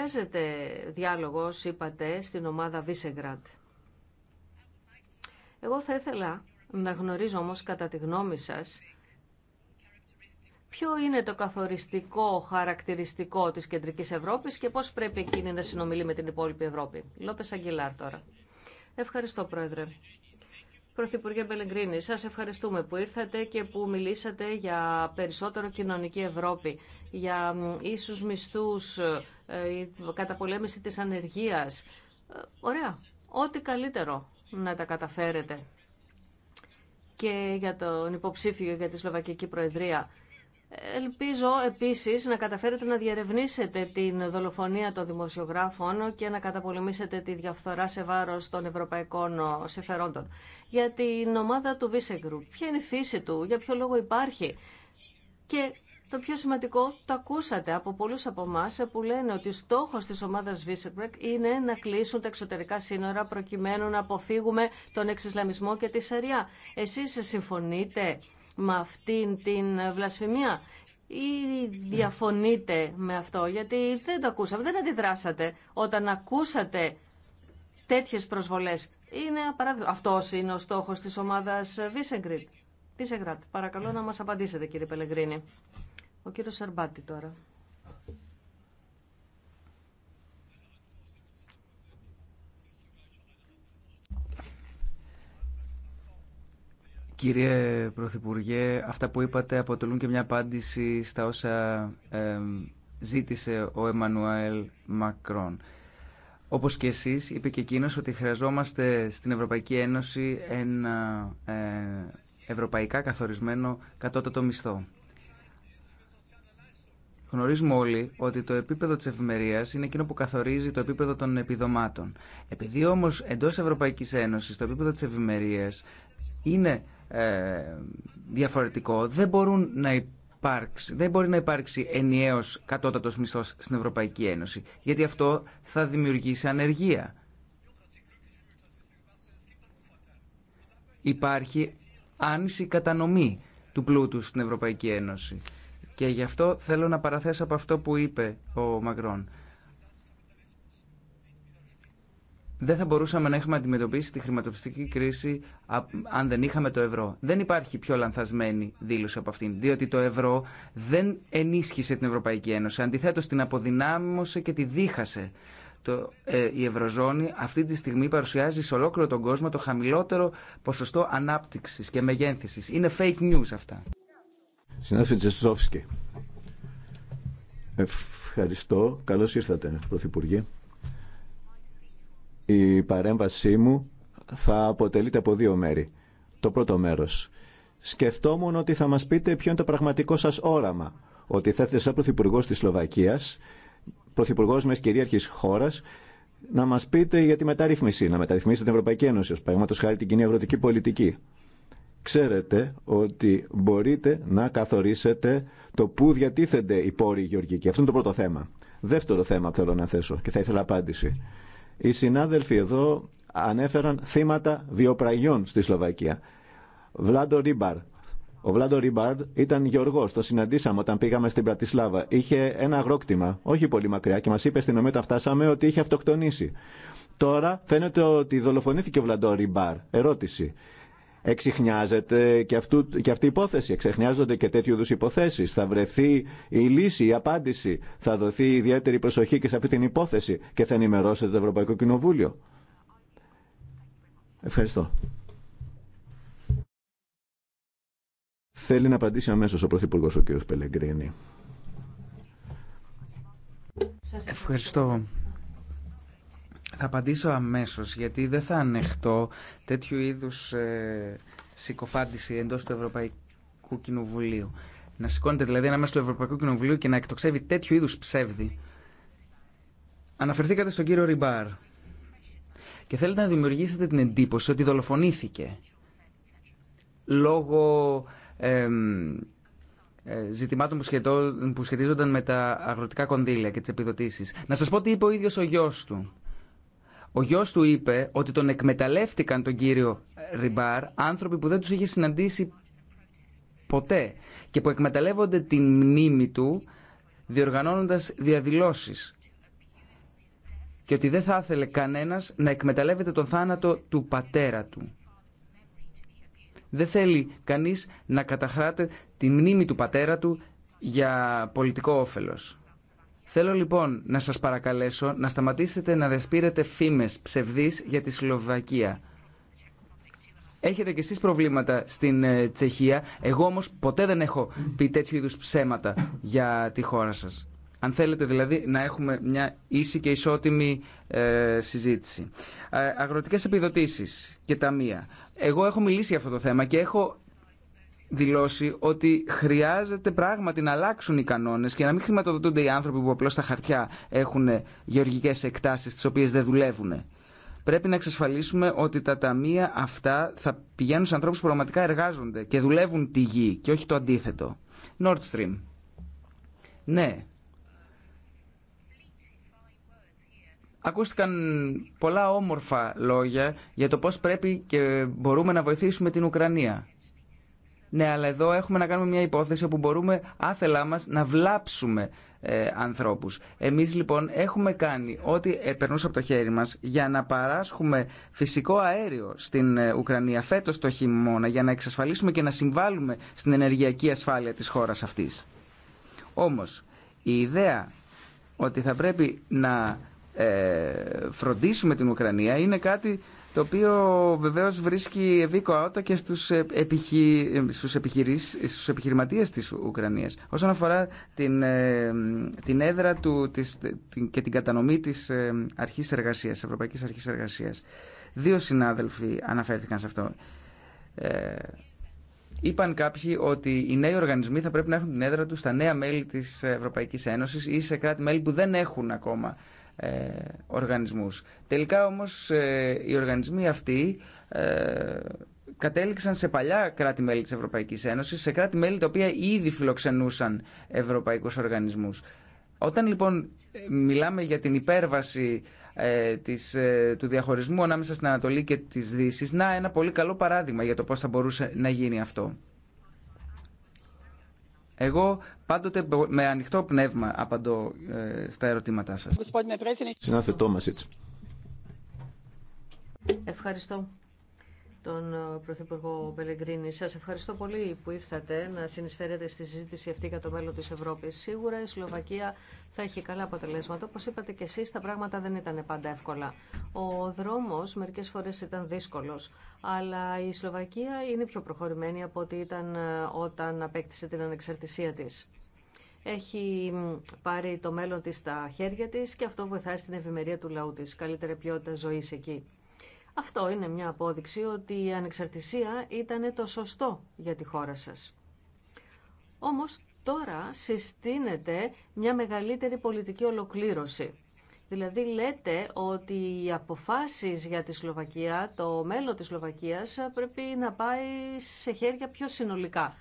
Χρειάζεται διάλογος, είπατε, στην ομάδα Βίσεγκραντ. Εγώ θα ήθελα να γνωρίζω όμως κατά τη γνώμη σας ποιο είναι το καθοριστικό χαρακτηριστικό της Κεντρικής Ευρώπης και πώς πρέπει εκείνη να συνομιλεί με την υπόλοιπη Ευρώπη. Λόπες Αγγελάρ τώρα. Ευχαριστώ, Πρόεδρε. Πρωθυπουργέ Μπελεγκρίνη, σας ευχαριστούμε που ήρθατε και που μιλήσατε για περισσότερο κοινωνική Ευρώπη, για ίσους μισθούς, ε, καταπολέμηση της ανεργίας. Ε, ωραία, ό,τι καλύτερο να τα καταφέρετε. Και για τον υποψήφιο για τη Σλοβακική Προεδρία. Ελπίζω επίσης να καταφέρετε να διερευνήσετε την δολοφονία των δημοσιογράφων και να καταπολεμήσετε τη διαφθορά σε βάρος των ευρωπαϊκών συμφερόντων. Για την ομάδα του Βίσεγκρου, ποια είναι η φύση του, για ποιο λόγο υπάρχει. Και το πιο σημαντικό, το ακούσατε από πολλούς από εμά που λένε ότι στόχος της ομάδας Βίσεγκρουπ είναι να κλείσουν τα εξωτερικά σύνορα προκειμένου να αποφύγουμε τον εξισλαμισμό και τη σαριά. Εσείς συμφωνείτε με αυτήν την βλασφημία ή διαφωνείτε με αυτό, γιατί δεν το ακούσαμε, δεν αντιδράσατε όταν ακούσατε τέτοιες προσβολές. Είναι Αυτός είναι ο στόχος της ομάδας Βίσεγκριτ. Βίσεγκρατ, παρακαλώ να μας απαντήσετε κύριε Πελεγκρίνη. Ο κύριος Σαρμπάτη τώρα. Κύριε Πρωθυπουργέ, αυτά που είπατε αποτελούν και μια απάντηση στα όσα ζήτησε ο Εμμανουέλ Μακρόν. Όπως και εσείς, είπε και εκείνος ότι χρειαζόμαστε στην Ευρωπαϊκή Ένωση ένα ε, ευρωπαϊκά καθορισμένο κατώτατο μισθό. Γνωρίζουμε όλοι ότι το επίπεδο τη ευημερία είναι εκείνο που καθορίζει το επίπεδο των επιδομάτων. Επειδή όμως εντός Ευρωπαϊκή Ένωση το επίπεδο της ευημερίας είναι ε, διαφορετικό. Δεν, μπορούν να υπάρξει, δεν μπορεί να υπάρξει ενιαίος κατώτατος μισθός στην Ευρωπαϊκή Ένωση, γιατί αυτό θα δημιουργήσει ανεργία. Υπάρχει άνηση κατανομή του πλούτου στην Ευρωπαϊκή Ένωση. Και γι' αυτό θέλω να παραθέσω από αυτό που είπε ο Μακρόν. δεν θα μπορούσαμε να έχουμε αντιμετωπίσει τη χρηματοπιστική κρίση αν δεν είχαμε το ευρώ. Δεν υπάρχει πιο λανθασμένη δήλωση από αυτήν, διότι το ευρώ δεν ενίσχυσε την Ευρωπαϊκή Ένωση. Αντιθέτως, την αποδυνάμωσε και τη δίχασε. Το, ε, η Ευρωζώνη αυτή τη στιγμή παρουσιάζει σε ολόκληρο τον κόσμο το χαμηλότερο ποσοστό ανάπτυξης και μεγένθησης. Είναι fake news αυτά. ευχαριστώ. Καλώς ήρθατε, Πρωθυπουργέ. Η παρέμβασή μου θα αποτελείται από δύο μέρη. Το πρώτο μέρος. Σκεφτόμουν ότι θα μας πείτε ποιο είναι το πραγματικό σας όραμα. Ότι θα έρθετε σαν Πρωθυπουργός της Σλοβακίας, Πρωθυπουργός μιας κυρίαρχη χώρας, να μας πείτε για τη μεταρρύθμιση, να μεταρρυθμίσετε την Ευρωπαϊκή Ένωση, ως παραδείγματος χάρη την κοινή αγροτική πολιτική. Ξέρετε ότι μπορείτε να καθορίσετε το πού διατίθενται οι πόροι γεωργικοί. Αυτό είναι το πρώτο θέμα. Δεύτερο θέμα θέλω να θέσω και θα ήθελα απάντηση. Οι συνάδελφοι εδώ ανέφεραν θύματα βιοπραγιών στη Σλοβακία. Βλάντο Ρίμπαρ. Ο Βλάντο Ρίμπαρ ήταν γεωργό. Το συναντήσαμε όταν πήγαμε στην Πρατισλάβα. Είχε ένα αγρόκτημα, όχι πολύ μακριά, και μα είπε στην ομέτα φτάσαμε ότι είχε αυτοκτονήσει. Τώρα φαίνεται ότι δολοφονήθηκε ο Βλαντό Ριμπάρ. Ερώτηση εξηχνιάζεται και, αυτού, και αυτή η υπόθεση. Εξεχνιάζονται και τέτοιου είδου υποθέσει. Θα βρεθεί η λύση, η απάντηση. Θα δοθεί ιδιαίτερη προσοχή και σε αυτή την υπόθεση και θα ενημερώσετε το Ευρωπαϊκό Κοινοβούλιο. Ευχαριστώ. Θέλει να απαντήσει αμέσω ο Πρωθυπουργό ο κ. Πελεγκρίνη. Ευχαριστώ. Θα απαντήσω αμέσως, γιατί δεν θα ανεχτώ τέτοιου είδους ε, συκοφάντηση εντός του Ευρωπαϊκού Κοινοβουλίου. Να σηκώνεται δηλαδή ένα μέσο του Ευρωπαϊκού Κοινοβουλίου και να εκτοξεύει τέτοιου είδους ψεύδι. Αναφερθήκατε στον κύριο Ριμπάρ και θέλετε να δημιουργήσετε την εντύπωση ότι δολοφονήθηκε λόγω ε, ζητημάτων που, που σχετίζονταν με τα αγροτικά κονδύλια και τις επιδοτήσεις. Να σας πω τι είπε ο ίδιος ο γιος του. Ο γιο του είπε ότι τον εκμεταλλεύτηκαν τον κύριο Ριμπάρ άνθρωποι που δεν του είχε συναντήσει ποτέ και που εκμεταλλεύονται την μνήμη του διοργανώνοντας διαδηλώσει. και ότι δεν θα ήθελε κανένα να εκμεταλλεύεται τον θάνατο του πατέρα του. Δεν θέλει κανείς να καταχράτε τη μνήμη του πατέρα του για πολιτικό όφελος. Θέλω λοιπόν να σας παρακαλέσω να σταματήσετε να δεσπείρετε φήμες ψευδείς για τη Σλοβακία. Έχετε κι εσείς προβλήματα στην ε, Τσεχία, εγώ όμως ποτέ δεν έχω πει τέτοιου είδους ψέματα για τη χώρα σας. Αν θέλετε δηλαδή να έχουμε μια ίση και ισότιμη ε, συζήτηση. Ε, αγροτικές επιδοτήσεις και ταμεία. Εγώ έχω μιλήσει για αυτό το θέμα και έχω δηλώσει ότι χρειάζεται πράγματι να αλλάξουν οι κανόνε και να μην χρηματοδοτούνται οι άνθρωποι που απλώ στα χαρτιά έχουν γεωργικέ εκτάσει τι οποίε δεν δουλεύουν. Πρέπει να εξασφαλίσουμε ότι τα ταμεία αυτά θα πηγαίνουν σε ανθρώπου που πραγματικά εργάζονται και δουλεύουν τη γη και όχι το αντίθετο. Nord Stream. Ναι. Ακούστηκαν πολλά όμορφα λόγια για το πώς πρέπει και μπορούμε να βοηθήσουμε την Ουκρανία. Ναι, αλλά εδώ έχουμε να κάνουμε μια υπόθεση όπου μπορούμε άθελά μας να βλάψουμε ε, ανθρώπους. Εμείς λοιπόν έχουμε κάνει ό,τι περνούσε από το χέρι μας για να παράσχουμε φυσικό αέριο στην ε, Ουκρανία φέτος το χειμώνα για να εξασφαλίσουμε και να συμβάλλουμε στην ενεργειακή ασφάλεια της χώρας αυτής. Όμως η ιδέα ότι θα πρέπει να ε, φροντίσουμε την Ουκρανία είναι κάτι το οποίο βεβαίως βρίσκει ευήκο αότα και στους, ε, επιχει... στους, επιχειρήσεις... στους επιχειρηματίες της Ουκρανίας. Όσον αφορά την, ε, την έδρα του της... και την κατανομή της ε, αρχής εργασίας, της Ευρωπαϊκής Αρχής Εργασίας, δύο συνάδελφοι αναφέρθηκαν σε αυτό. Ε... Είπαν κάποιοι ότι οι νέοι οργανισμοί θα πρέπει να έχουν την έδρα του στα νέα μέλη της Ευρωπαϊκής Ένωσης ή σε κράτη-μέλη που δεν έχουν ακόμα ε, οργανισμούς. Τελικά όμως ε, οι οργανισμοί αυτοί ε, κατέληξαν σε παλιά κράτη-μέλη της Ευρωπαϊκής Ένωσης, σε κράτη-μέλη τα οποία ήδη φιλοξενούσαν ευρωπαϊκούς οργανισμούς. Όταν λοιπόν μιλάμε για την υπέρβαση της, του διαχωρισμού ανάμεσα στην Ανατολή και τις Δύσεις, να ένα πολύ καλό παράδειγμα για το πώς θα μπορούσε να γίνει αυτό. Εγώ πάντοτε με ανοιχτό πνεύμα απαντώ ε, στα ερωτήματά σας. Συνάθε Τόμασιτς. Ευχαριστώ τον ε, Πρωθυπουργό Μπελεγκρίνη. σα ευχαριστώ πολύ που ήρθατε να συνεισφέρετε στη συζήτηση αυτή για το μέλλον τη Ευρώπη. Σίγουρα η Σλοβακία θα έχει καλά αποτελέσματα. όπω είπατε και εσεί, τα πράγματα δεν ήταν πάντα εύκολα. Ο δρόμο μερικέ φορέ ήταν δύσκολο, αλλά η Σλοβακία είναι πιο προχωρημένη από ό,τι ήταν ε, όταν απέκτησε την ανεξαρτησία τη. Έχει πάρει το μέλλον της στα χέρια της και αυτό βοηθάει στην ευημερία του λαού της, καλύτερη ποιότητα ζωή εκεί. Αυτό είναι μια απόδειξη ότι η ανεξαρτησία ήταν το σωστό για τη χώρα σας. Όμως τώρα συστήνεται μια μεγαλύτερη πολιτική ολοκλήρωση. Δηλαδή λέτε ότι οι αποφάσεις για τη Σλοβακία, το μέλλον της Σλοβακίας πρέπει να πάει σε χέρια πιο συνολικά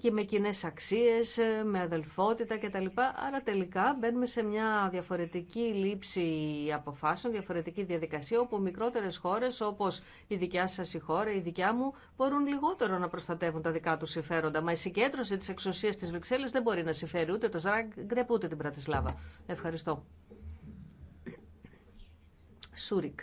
και με κοινέ αξίες, ε, με αδελφότητα κτλ. Άρα τελικά μπαίνουμε σε μια διαφορετική λήψη αποφάσεων, διαφορετική διαδικασία, όπου μικρότερες χώρες όπως η δικιά σας η χώρα, η δικιά μου, μπορούν λιγότερο να προστατεύουν τα δικά του συμφέροντα. Μα η συγκέντρωση τη εξουσία της Βρυξέλλε δεν μπορεί να συμφέρει ούτε το ούτε την Πρατισλάβα. Ευχαριστώ. Σούρικ.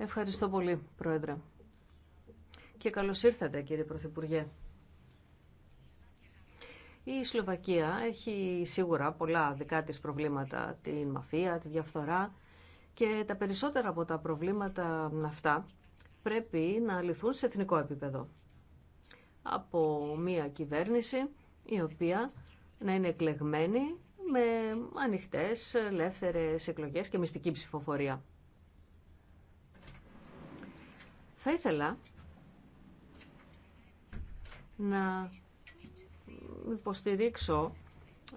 Ευχαριστώ πολύ, Πρόεδρε. Και καλώς ήρθατε, κύριε Πρωθυπουργέ. Η Σλοβακία έχει σίγουρα πολλά δικά της προβλήματα, τη μαφία, τη διαφθορά και τα περισσότερα από τα προβλήματα αυτά πρέπει να λυθούν σε εθνικό επίπεδο. Από μια κυβέρνηση η οποία να είναι εκλεγμένη με ανοιχτές, ελεύθερες εκλογές και μυστική ψηφοφορία. Θα ήθελα να υποστηρίξω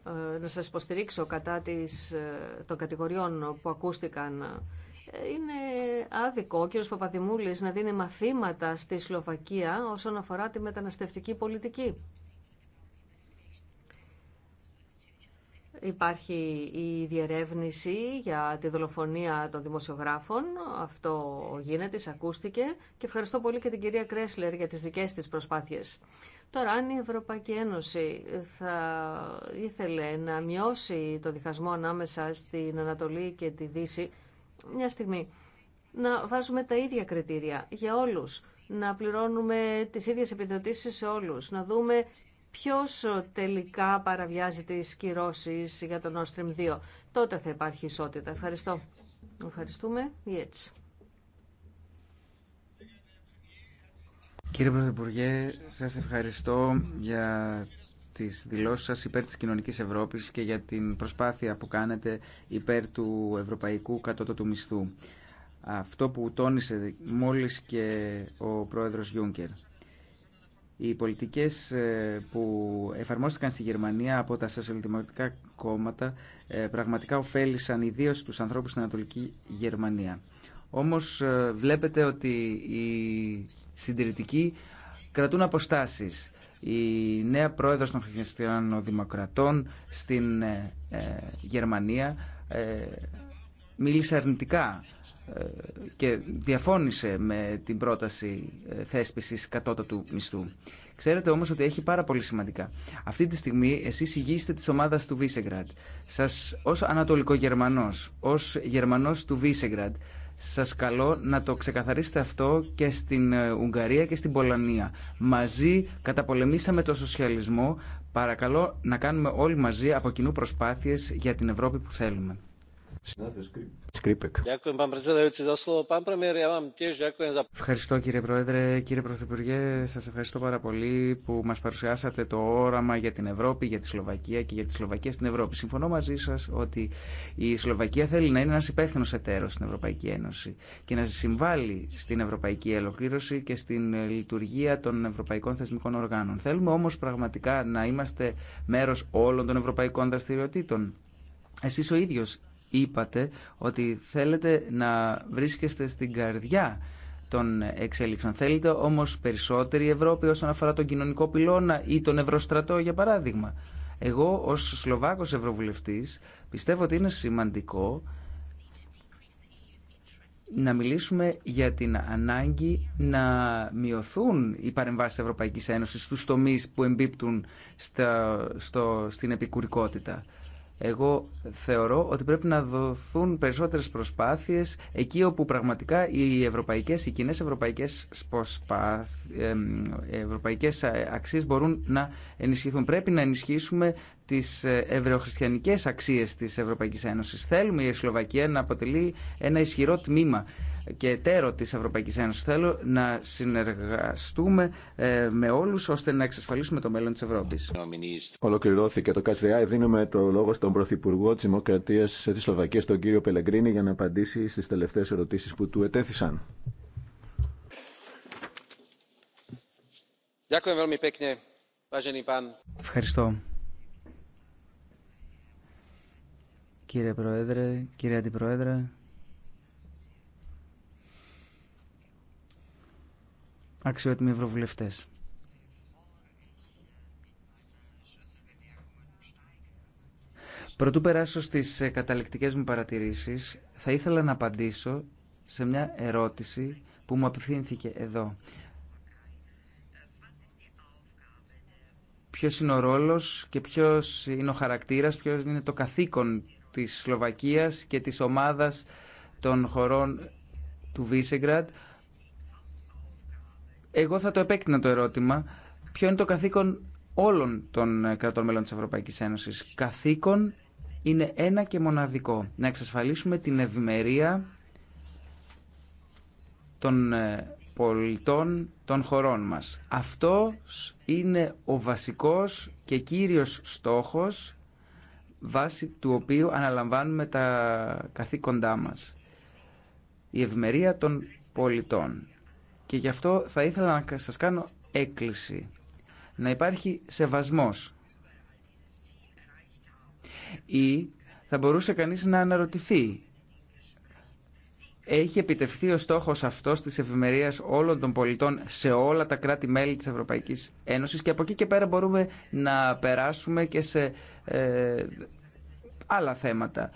ε, να σας υποστηρίξω κατά της, ε, των κατηγοριών που ακούστηκαν. Ε, είναι άδικο ο κύριος Παπαδημούλης να δίνει μαθήματα στη Σλοβακία όσον αφορά τη μεταναστευτική πολιτική. Υπάρχει η διερεύνηση για τη δολοφονία των δημοσιογράφων. Αυτό γίνεται, ακούστηκε. Και ευχαριστώ πολύ και την κυρία Κρέσλερ για τις δικές της προσπάθειες. Τώρα, αν η Ευρωπαϊκή Ένωση θα ήθελε να μειώσει το διχασμό ανάμεσα στην Ανατολή και τη Δύση, μια στιγμή να βάζουμε τα ίδια κριτήρια για όλους, να πληρώνουμε τις ίδιες επιδοτήσεις σε όλους, να δούμε ποιος ε, τελικά παραβιάζει τις κυρώσεις για τον Nord Stream 2. Τότε θα υπάρχει ισότητα. Ευχαριστώ. Ευχαριστούμε. Κύριε Πρωθυπουργέ, σας ευχαριστώ για τις δηλώσεις σας υπέρ της κοινωνικής Ευρώπης και για την προσπάθεια που κάνετε υπέρ του ευρωπαϊκού κατώτατου μισθού. Αυτό που τόνισε μόλις και ο πρόεδρος Γιούγκερ. Οι πολιτικές ε, που εφαρμόστηκαν στη Γερμανία από τα σοσιαλδημοκρατικά κόμματα ε, πραγματικά ωφέλησαν ιδίως τους ανθρώπους στην Ανατολική Γερμανία. Όμως ε, βλέπετε ότι οι συντηρητικοί κρατούν αποστάσεις. Η νέα πρόεδρος των χριστιανοδημοκρατών στην Γερμανία μίλησε αρνητικά ε, και διαφώνησε με την πρόταση ε, θέσπισης κατώτατου μισθού. Ξέρετε όμως ότι έχει πάρα πολύ σημαντικά. Αυτή τη στιγμή εσείς ηγείστε της ομάδας του Βίσεγκραντ. Σας ως Ανατολικό Γερμανός, ως Γερμανός του Βίσεγκραντ, σας καλώ να το ξεκαθαρίσετε αυτό και στην ε, Ουγγαρία και στην Πολωνία. Μαζί καταπολεμήσαμε το σοσιαλισμό. Παρακαλώ να κάνουμε όλοι μαζί από κοινού προσπάθειες για την Ευρώπη που θέλουμε. Σκρίπεκ. Ευχαριστώ κύριε Πρόεδρε, κύριε Πρωθυπουργέ, σα ευχαριστώ πάρα πολύ που μα παρουσιάσατε το όραμα για την Ευρώπη, για τη Σλοβακία και για τη Σλοβακία στην Ευρώπη. Συμφωνώ μαζί σα, ότι η Σλοβακία θέλει να είναι ένα υπεύθυνο εταίρο στην Ευρωπαϊκή Ένωση και να συμβάλλει στην Ευρωπαϊκή Ελοκλήρωση και στην λειτουργία των Ευρωπαϊκών Θεσμικών Οργάνων. Θέλουμε όμω πραγματικά να είμαστε μέρο όλων των ευρωπαϊκών δραστηριοτήτων. Εσείς ο ίδιος είπατε ότι θέλετε να βρίσκεστε στην καρδιά των εξέλιξεων. Θέλετε όμως περισσότερη Ευρώπη όσον αφορά τον κοινωνικό πυλώνα ή τον Ευρωστρατό για παράδειγμα. Εγώ ως Σλοβάκος Ευρωβουλευτής πιστεύω ότι είναι σημαντικό να μιλήσουμε για την ανάγκη να μειωθούν οι παρεμβάσεις Ευρωπαϊκής Ένωσης στους τομείς που εμπίπτουν στο, στην επικουρικότητα. Εγώ θεωρώ ότι πρέπει να δοθούν περισσότερες προσπάθειες εκεί όπου πραγματικά οι ευρωπαϊκές, οι κοινές ευρωπαϊκές, ευρωπαϊκές αξίες μπορούν να ενισχυθούν. Πρέπει να ενισχύσουμε τις ευρωχριστιανικές αξίες της Ευρωπαϊκής Ένωσης. Θέλουμε η Σλοβακία να αποτελεί ένα ισχυρό τμήμα και εταίρο τη Ευρωπαϊκής Ένωσης. Θέλω να συνεργαστούμε ε, με όλους ώστε να εξασφαλίσουμε το μέλλον της Ευρώπης. Ολοκληρώθηκε το ΚΑΤΣΔΙΑ. Δίνουμε το λόγο στον Πρωθυπουργό τη Δημοκρατία τη Σλοβακίας, τον κύριο Πελεγκρίνη, για να απαντήσει στις τελευταίες ερωτήσεις που του ετέθησαν. Ευχαριστώ. Κύριε Πρόεδρε, κύριε Αντιπρόεδρε, αξιότιμοι ευρωβουλευτέ. Προτού περάσω στις ε, καταληκτικές μου παρατηρήσεις, θα ήθελα να απαντήσω σε μια ερώτηση που μου απευθύνθηκε εδώ. Ποιος είναι ο ρόλος και ποιος είναι ο χαρακτήρας, ποιος είναι το καθήκον της Σλοβακίας και της ομάδας των χωρών του Βίσεγκραντ εγώ θα το επέκτηνα το ερώτημα. Ποιο είναι το καθήκον όλων των ε, κρατών μελών της Ευρωπαϊκής Ένωσης. Καθήκον είναι ένα και μοναδικό. Να εξασφαλίσουμε την ευημερία των ε, πολιτών των χωρών μας. Αυτό είναι ο βασικός και κύριος στόχος βάσει του οποίου αναλαμβάνουμε τα καθήκοντά μας. Η ευημερία των πολιτών. Και γι' αυτό θα ήθελα να σας κάνω έκκληση. Να υπάρχει σεβασμός. Ή θα μπορούσε κανείς να αναρωτηθεί. Έχει επιτευχθεί ο στόχος αυτός της ευημερίας όλων των πολιτών σε όλα τα κράτη-μέλη της Ευρωπαϊκής Ένωσης και από εκεί και πέρα μπορούμε να περάσουμε και σε ε, άλλα θέματα.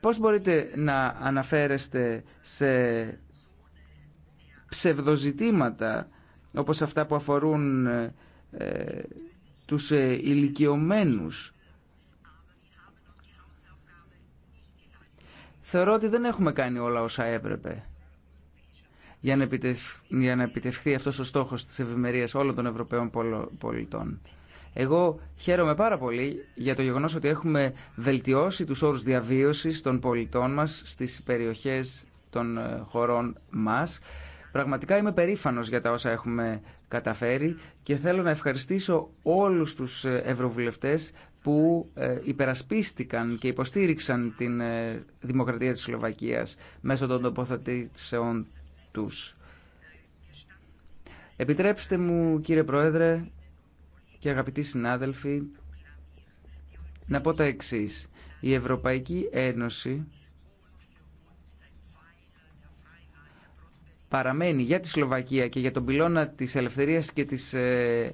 Πώς μπορείτε να αναφέρεστε σε ψευδοζητήματα όπως αυτά που αφορούν ε, ε, τους ε, ηλικιωμένους. Θεωρώ ότι δεν έχουμε κάνει όλα όσα έπρεπε για να, επιτευχθεί αυτός ο στόχος της ευημερία όλων των Ευρωπαίων πολιτών. Εγώ χαίρομαι πάρα πολύ για το γεγονός ότι έχουμε βελτιώσει τους όρους διαβίωσης των πολιτών μας στις περιοχές των ε, χωρών μας Πραγματικά είμαι περήφανος για τα όσα έχουμε καταφέρει και θέλω να ευχαριστήσω όλους τους ευρωβουλευτές που ε, υπερασπίστηκαν και υποστήριξαν την ε, δημοκρατία της Σλοβακίας μέσω των τοποθετήσεων τους. Επιτρέψτε μου κύριε Πρόεδρε και αγαπητοί συνάδελφοι να πω τα εξής. Η Ευρωπαϊκή Ένωση παραμένει για τη Σλοβακία και για τον πυλώνα της ελευθερίας και της ε, ε,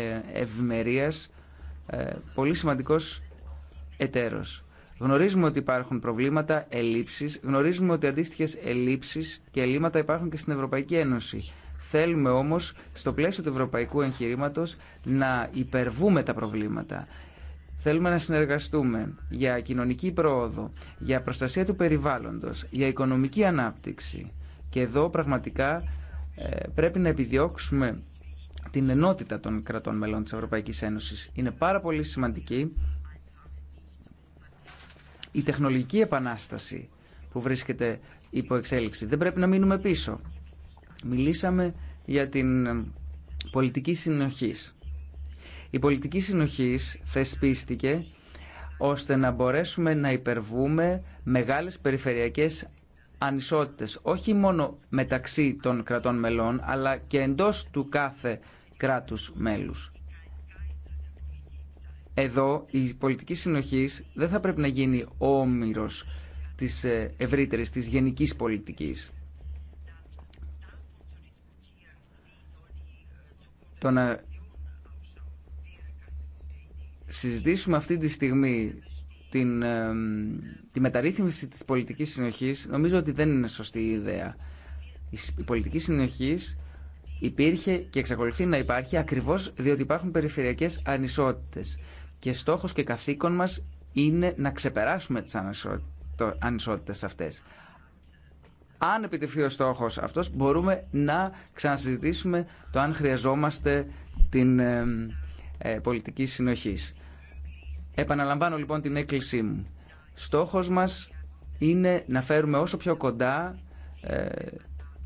ε, ευημερίας πολύ σημαντικός εταίρος. Γνωρίζουμε ότι υπάρχουν προβλήματα, ελλείψεις, γνωρίζουμε ότι αντίστοιχες ελλείψεις και ελλείμματα υπάρχουν και στην Ευρωπαϊκή Ένωση. Θέλουμε όμως στο πλαίσιο του ευρωπαϊκού εγχειρήματο να υπερβούμε τα προβλήματα. Θέλουμε να συνεργαστούμε για κοινωνική πρόοδο, για προστασία του περιβάλλοντος, για οικονομική ανάπτυξη και εδώ πραγματικά ε, πρέπει να επιδιώξουμε την ενότητα των κρατών μελών της Ευρωπαϊκής Ένωσης. Είναι πάρα πολύ σημαντική η τεχνολογική επανάσταση που βρίσκεται υπό εξέλιξη. Δεν πρέπει να μείνουμε πίσω. Μιλήσαμε για την ε, πολιτική συνοχής. Η πολιτική συνοχής θεσπίστηκε ώστε να μπορέσουμε να υπερβούμε μεγάλες περιφερειακές ανισότητες όχι μόνο μεταξύ των κρατών μελών αλλά και εντός του κάθε κράτους μέλους. Εδώ η πολιτική συνοχής δεν θα πρέπει να γίνει όμοιρος της ε, ευρύτερης, της γενικής πολιτικής. Το να συζητήσουμε αυτή τη στιγμή την, τη μεταρρύθμιση της πολιτικής συνοχής νομίζω ότι δεν είναι σωστή η ιδέα. Η πολιτική συνοχής υπήρχε και εξακολουθεί να υπάρχει ακριβώς διότι υπάρχουν περιφερειακές ανισότητες και στόχος και καθήκον μας είναι να ξεπεράσουμε τις ανισότητες αυτές. Αν επιτευχθεί ο στόχος αυτός μπορούμε να ξανασυζητήσουμε το αν χρειαζόμαστε την ε, πολιτική συνοχής. Επαναλαμβάνω λοιπόν την έκκλησή μου. Στόχος μας είναι να φέρουμε όσο πιο κοντά ε,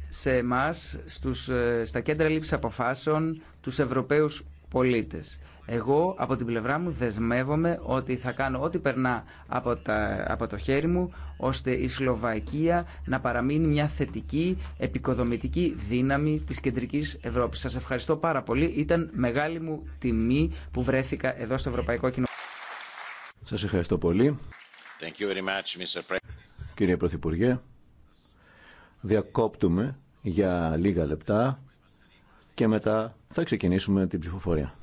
σε εμάς, στους, ε, στα κέντρα λήψης αποφάσεων, τους Ευρωπαίους πολίτες. Εγώ από την πλευρά μου δεσμεύομαι ότι θα κάνω ό,τι περνά από, τα, από το χέρι μου ώστε η Σλοβακία να παραμείνει μια θετική επικοδομητική δύναμη της κεντρικής Ευρώπης. Σας ευχαριστώ πάρα πολύ. Ήταν μεγάλη μου τιμή που βρέθηκα εδώ στο Ευρωπαϊκό Κοινοβούλιο. Σας ευχαριστώ πολύ. Thank you very much, Mr. Κύριε Πρωθυπουργέ, διακόπτουμε για λίγα λεπτά και μετά θα ξεκινήσουμε την ψηφοφορία.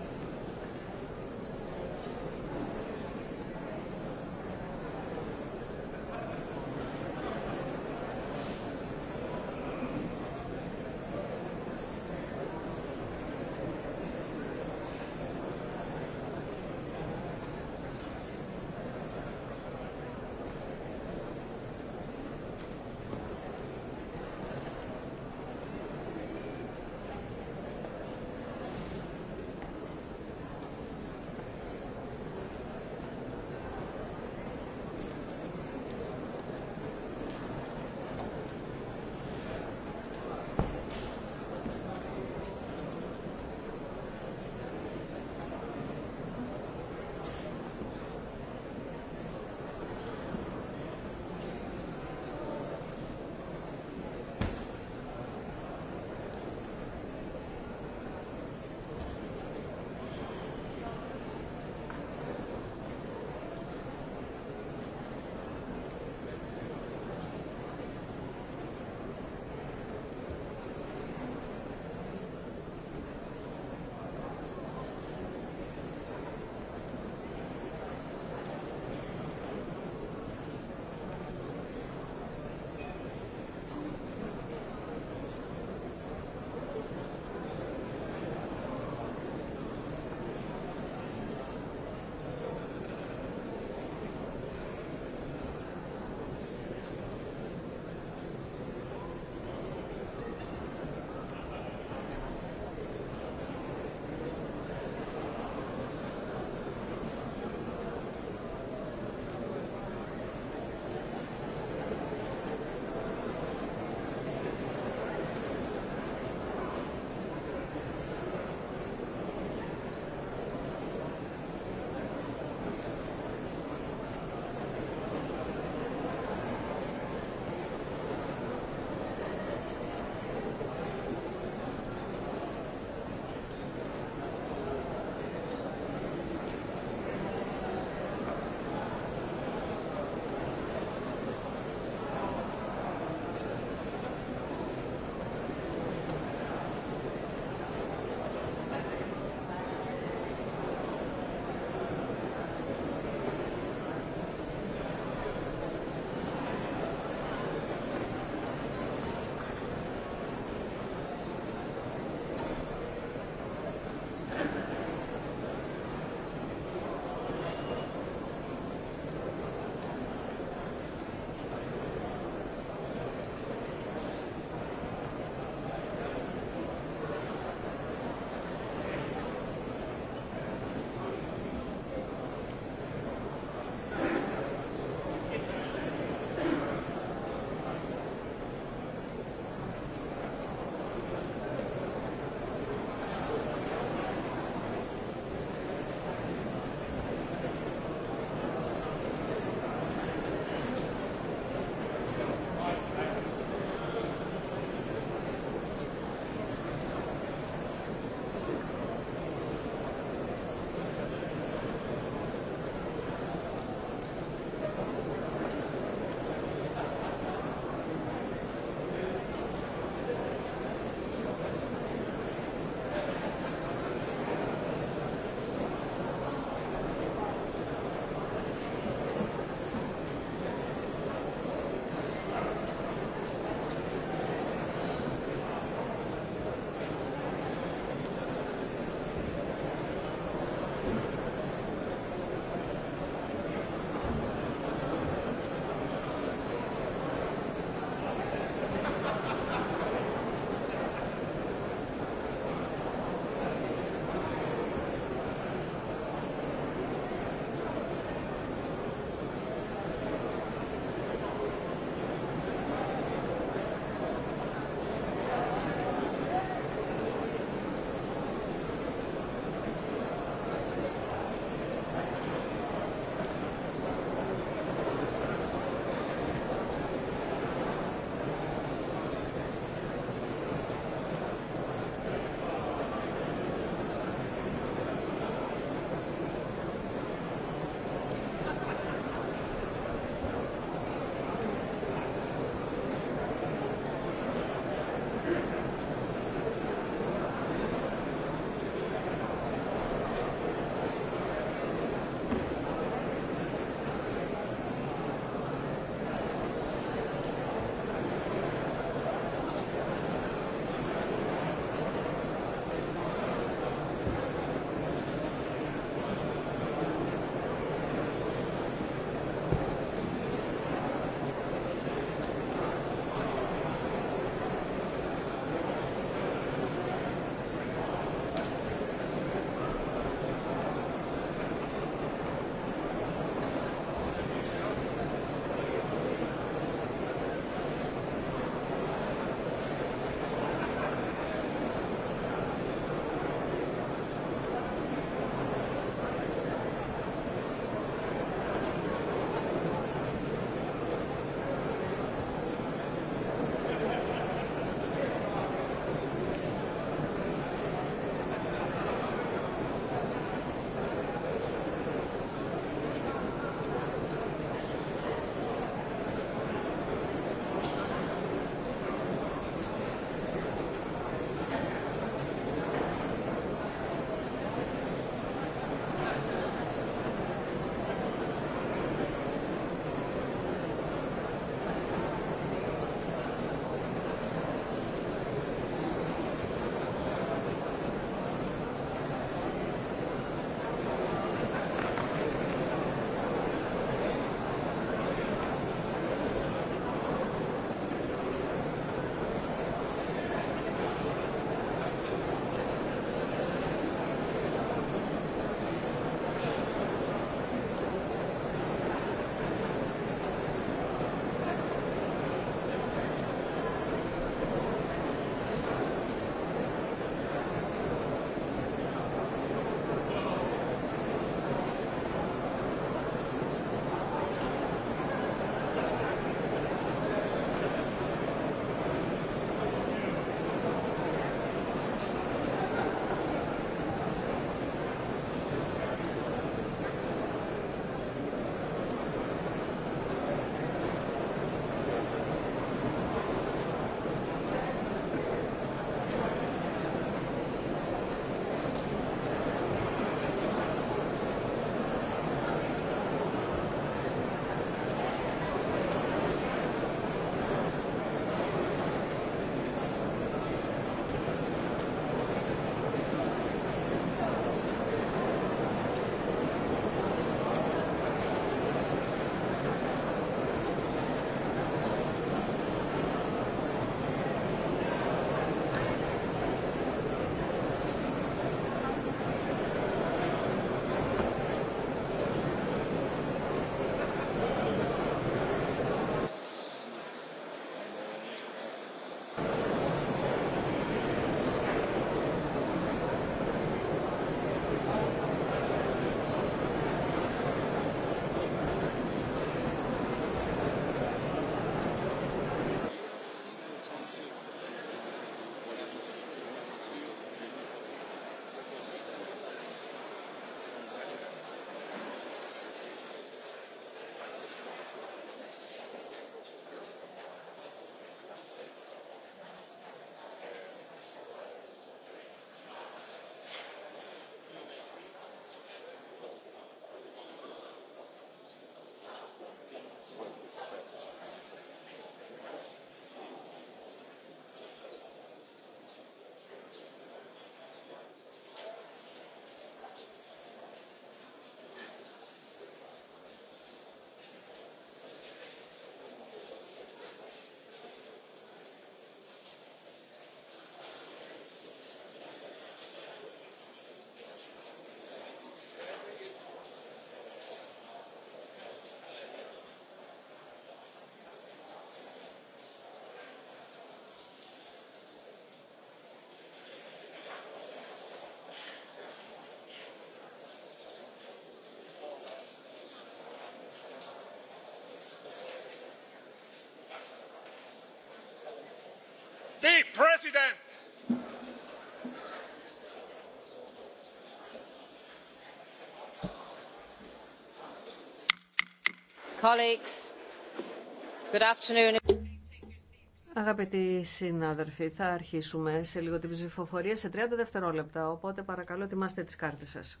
Αγαπητοί συνάδελφοι, θα αρχίσουμε σε λίγο την ψηφοφορία σε 30 δευτερόλεπτα, οπότε παρακαλώ ετοιμάστε τις κάρτες σας.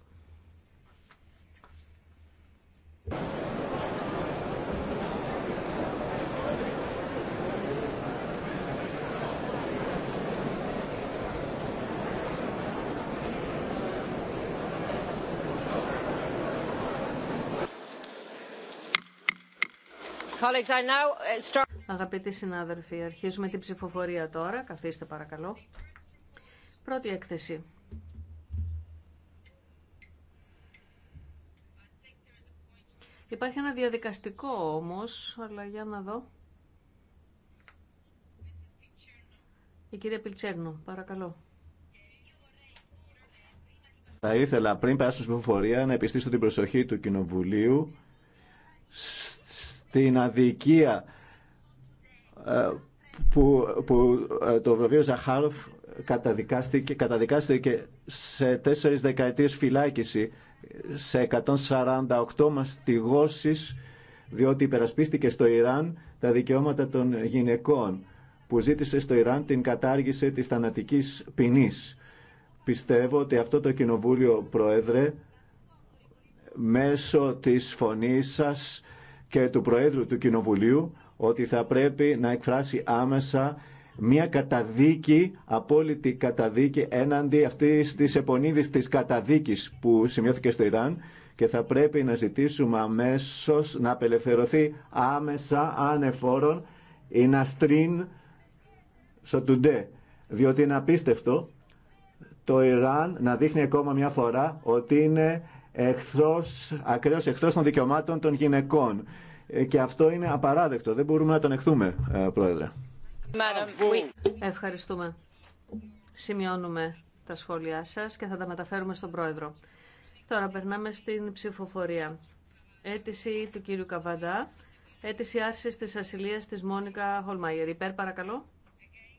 Uh, Αγαπητοί συνάδελφοι, αρχίζουμε την ψηφοφορία τώρα. Καθίστε παρακαλώ. Πρώτη έκθεση. Υπάρχει ένα διαδικαστικό όμως, αλλά για να δω. Η κυρία Πιλτσέρνου, παρακαλώ. Θα ήθελα πριν περάσω στην ψηφοφορία να επιστήσω την προσοχή του Κοινοβουλίου την αδικία ε, που, που ε, το βραβείο Ζαχάροφ καταδικάστηκε, καταδικάστηκε σε τέσσερις δεκαετίες φυλάκιση σε 148 μαστιγώσεις διότι υπερασπίστηκε στο Ιράν τα δικαιώματα των γυναικών που ζήτησε στο Ιράν την κατάργηση της θανατικής ποινής. Πιστεύω ότι αυτό το κοινοβούλιο, Πρόεδρε, μέσω της φωνής σας και του Προέδρου του Κοινοβουλίου ότι θα πρέπει να εκφράσει άμεσα μια καταδίκη, απόλυτη καταδίκη έναντι αυτής της επονίδης της καταδίκης που σημειώθηκε στο Ιράν και θα πρέπει να ζητήσουμε αμέσως να απελευθερωθεί άμεσα ανεφόρον η Ναστρίν Σοτουντέ. Διότι είναι απίστευτο το Ιράν να δείχνει ακόμα μια φορά ότι είναι εχθρός, ακραίος εχθρός των δικαιωμάτων των γυναικών. Ε, και αυτό είναι απαράδεκτο. Δεν μπορούμε να τον εχθούμε, ε, Πρόεδρε. Ευχαριστούμε. Σημειώνουμε τα σχόλιά σας και θα τα μεταφέρουμε στον Πρόεδρο. Τώρα περνάμε στην ψηφοφορία. Έτηση του κύριου Καβαντά. Έτηση άρσης της ασυλίας της Μόνικα Χολμάιερ. Υπέρ παρακαλώ.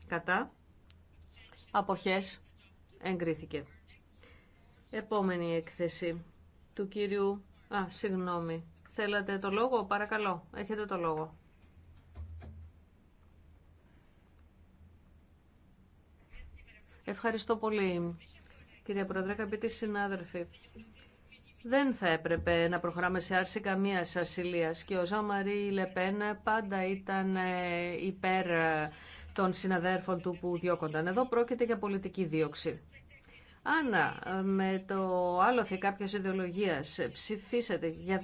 Κατά. Αποχές. Εγκρίθηκε. Επόμενη έκθεση του κύριου... Α, συγγνώμη. Θέλατε το λόγο, παρακαλώ. Έχετε το λόγο. Ευχαριστώ πολύ, κύριε Πρόεδρε, αγαπητοί συνάδελφοι. Δεν θα έπρεπε να προχωράμε σε άρση καμία ασυλία και ο Ζαμαρί Λεπέν πάντα ήταν ε, υπέρ ε, των συναδέρφων του που διώκονταν. Εδώ πρόκειται για πολιτική δίωξη. Αν ε, με το άλοθη κάποια ιδεολογία ψηφίσετε για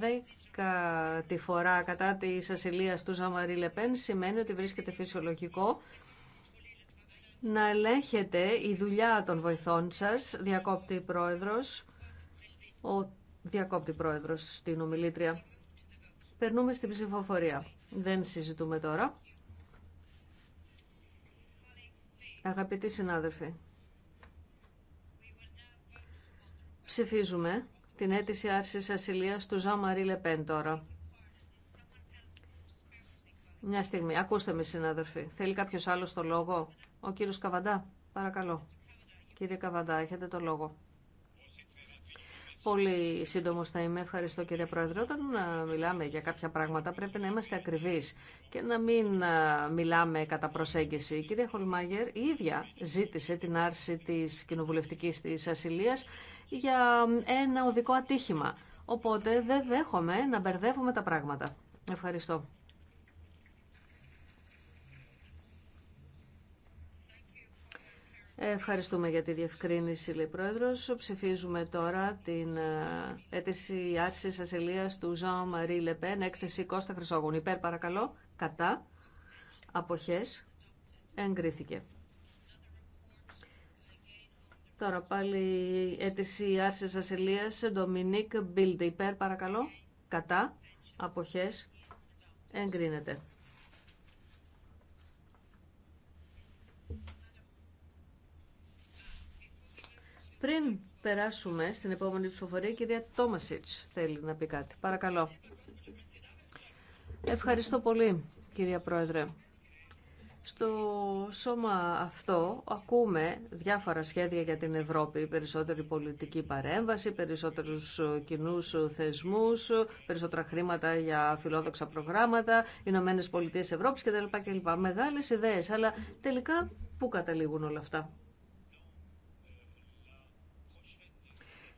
τη φορά κατά τη Ασυλία του Ζαμαρί Λεπέν, σημαίνει ότι βρίσκεται φυσιολογικό να ελέγχετε η δουλειά των βοηθών σας, διακόπτη πρόεδρος, ο διακόπτη πρόεδρος στην ομιλήτρια. Περνούμε στην ψηφοφορία. Δεν συζητούμε τώρα. Αγαπητοί συνάδελφοι, Ψηφίζουμε την αίτηση άρσης ασυλίας του Ζαν Λεπέν τώρα. Μια στιγμή. Ακούστε με, συνάδελφοι. Θέλει κάποιο άλλο το λόγο. Ο κύριο Καβαντά, παρακαλώ. Κύριε Καβαντά, έχετε το λόγο. Πολύ σύντομο θα είμαι. Ευχαριστώ κύριε Πρόεδρε. Όταν ε, μιλάμε για κάποια πράγματα πρέπει να είμαστε ακριβείς και να μην ε, μιλάμε κατά προσέγγιση. Η κυρία Χολμάγερ η ίδια ζήτησε την άρση της κοινοβουλευτικής της ασυλίας για ε, ένα οδικό ατύχημα. Οπότε δεν δέχομαι να μπερδεύουμε τα πράγματα. Ευχαριστώ. Ευχαριστούμε για τη διευκρίνηση, λέει Ψηφίζουμε τώρα την ε, αίτηση άρσης Ασελίας του Ζαν Μαρί Λεπέν, έκθεση Κώστα Χρυσόγων. Υπέρ παρακαλώ, κατά, αποχές, εγκρίθηκε. Τώρα πάλι αίτηση άρσης Ασελίας, Ντομινίκ Μπίλντε. Υπέρ παρακαλώ, κατά, αποχές, εγκρίνεται. Πριν περάσουμε στην επόμενη ψηφοφορία, η κυρία Τόμασιτς θέλει να πει κάτι. Παρακαλώ. Ευχαριστώ πολύ, κυρία Πρόεδρε. Στο σώμα αυτό ακούμε διάφορα σχέδια για την Ευρώπη, περισσότερη πολιτική παρέμβαση, περισσότερους κοινού θεσμούς, περισσότερα χρήματα για φιλόδοξα προγράμματα, Ηνωμένε Πολιτείες Ευρώπης κλπ. Μεγάλες ιδέες, αλλά τελικά πού καταλήγουν όλα αυτά.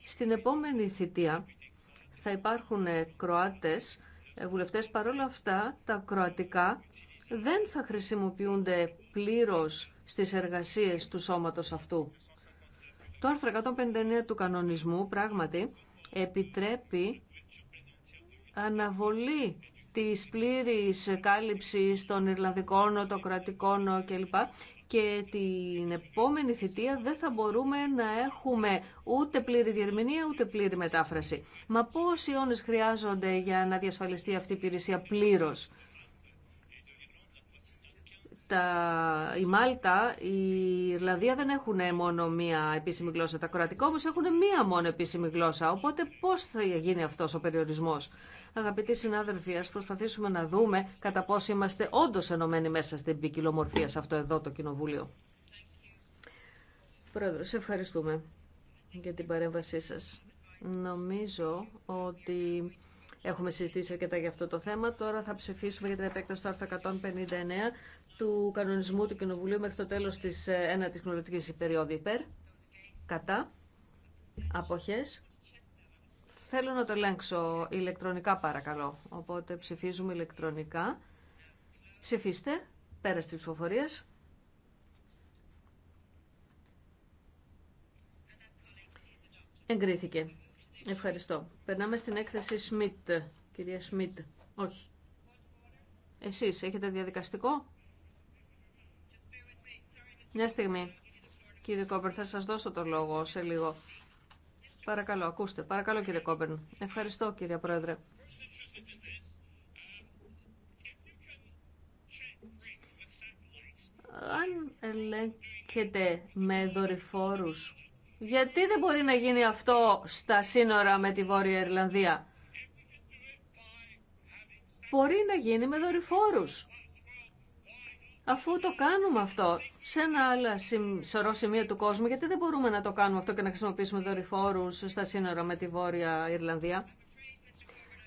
Στην επόμενη θητεία θα υπάρχουν ε, Κροάτες ε, βουλευτές. Παρόλα αυτά τα κροατικά δεν θα χρησιμοποιούνται πλήρως στις εργασίες του σώματος αυτού. Το άρθρο 159 του κανονισμού πράγματι επιτρέπει αναβολή της πλήρης κάλυψης των Ιρλανδικών, των Κροατικών κλπ και την επόμενη θητεία δεν θα μπορούμε να έχουμε ούτε πλήρη διερμηνία ούτε πλήρη μετάφραση. Μα πόσοι αιώνε χρειάζονται για να διασφαλιστεί αυτή η υπηρεσία πλήρω τα, η Μάλτα, η Ιρλανδία δεν έχουν μόνο μία επίσημη γλώσσα. Τα κρατικά Όμω, έχουν μία μόνο επίσημη γλώσσα. Οπότε πώ θα γίνει αυτό ο περιορισμό. Αγαπητοί συνάδελφοι, α προσπαθήσουμε να δούμε κατά πόσο είμαστε όντω ενωμένοι μέσα στην ποικιλομορφία σε αυτό εδώ το Κοινοβούλιο. Πρόεδρο, σε ευχαριστούμε για την παρέμβασή σα. Νομίζω ότι... Έχουμε συζητήσει αρκετά για αυτό το θέμα. Τώρα θα ψηφίσουμε για την επέκταση του άρθρου 159 του κανονισμού του Κοινοβουλίου μέχρι το τέλος της ε, ένα της κοινοβουλευτικής περίοδου υπέρ, κατά, αποχές. Θέλω να το ελέγξω ηλεκτρονικά παρακαλώ, οπότε ψηφίζουμε ηλεκτρονικά. Ψηφίστε, πέρα τη ψηφοφορία. Εγκρίθηκε. Ευχαριστώ. Περνάμε στην έκθεση Σμιτ. Κυρία Σμιτ, όχι. Εσείς έχετε διαδικαστικό. Μια στιγμή. Κύριε Κόμπερν, θα σας δώσω το λόγο σε λίγο. Παρακαλώ, ακούστε. Παρακαλώ, κύριε Κόμπερν. Ευχαριστώ, κύριε Πρόεδρε. Αν ελέγχεται με δορυφόρους, γιατί δεν μπορεί να γίνει αυτό στα σύνορα με τη Βόρεια Ιρλανδία. Μπορεί να γίνει με δορυφόρους. Αφού το κάνουμε αυτό, σε ένα άλλο σωρό σημείο του κόσμου, γιατί δεν μπορούμε να το κάνουμε αυτό και να χρησιμοποιήσουμε δορυφόρου στα σύνορα με τη Βόρεια Ιρλανδία.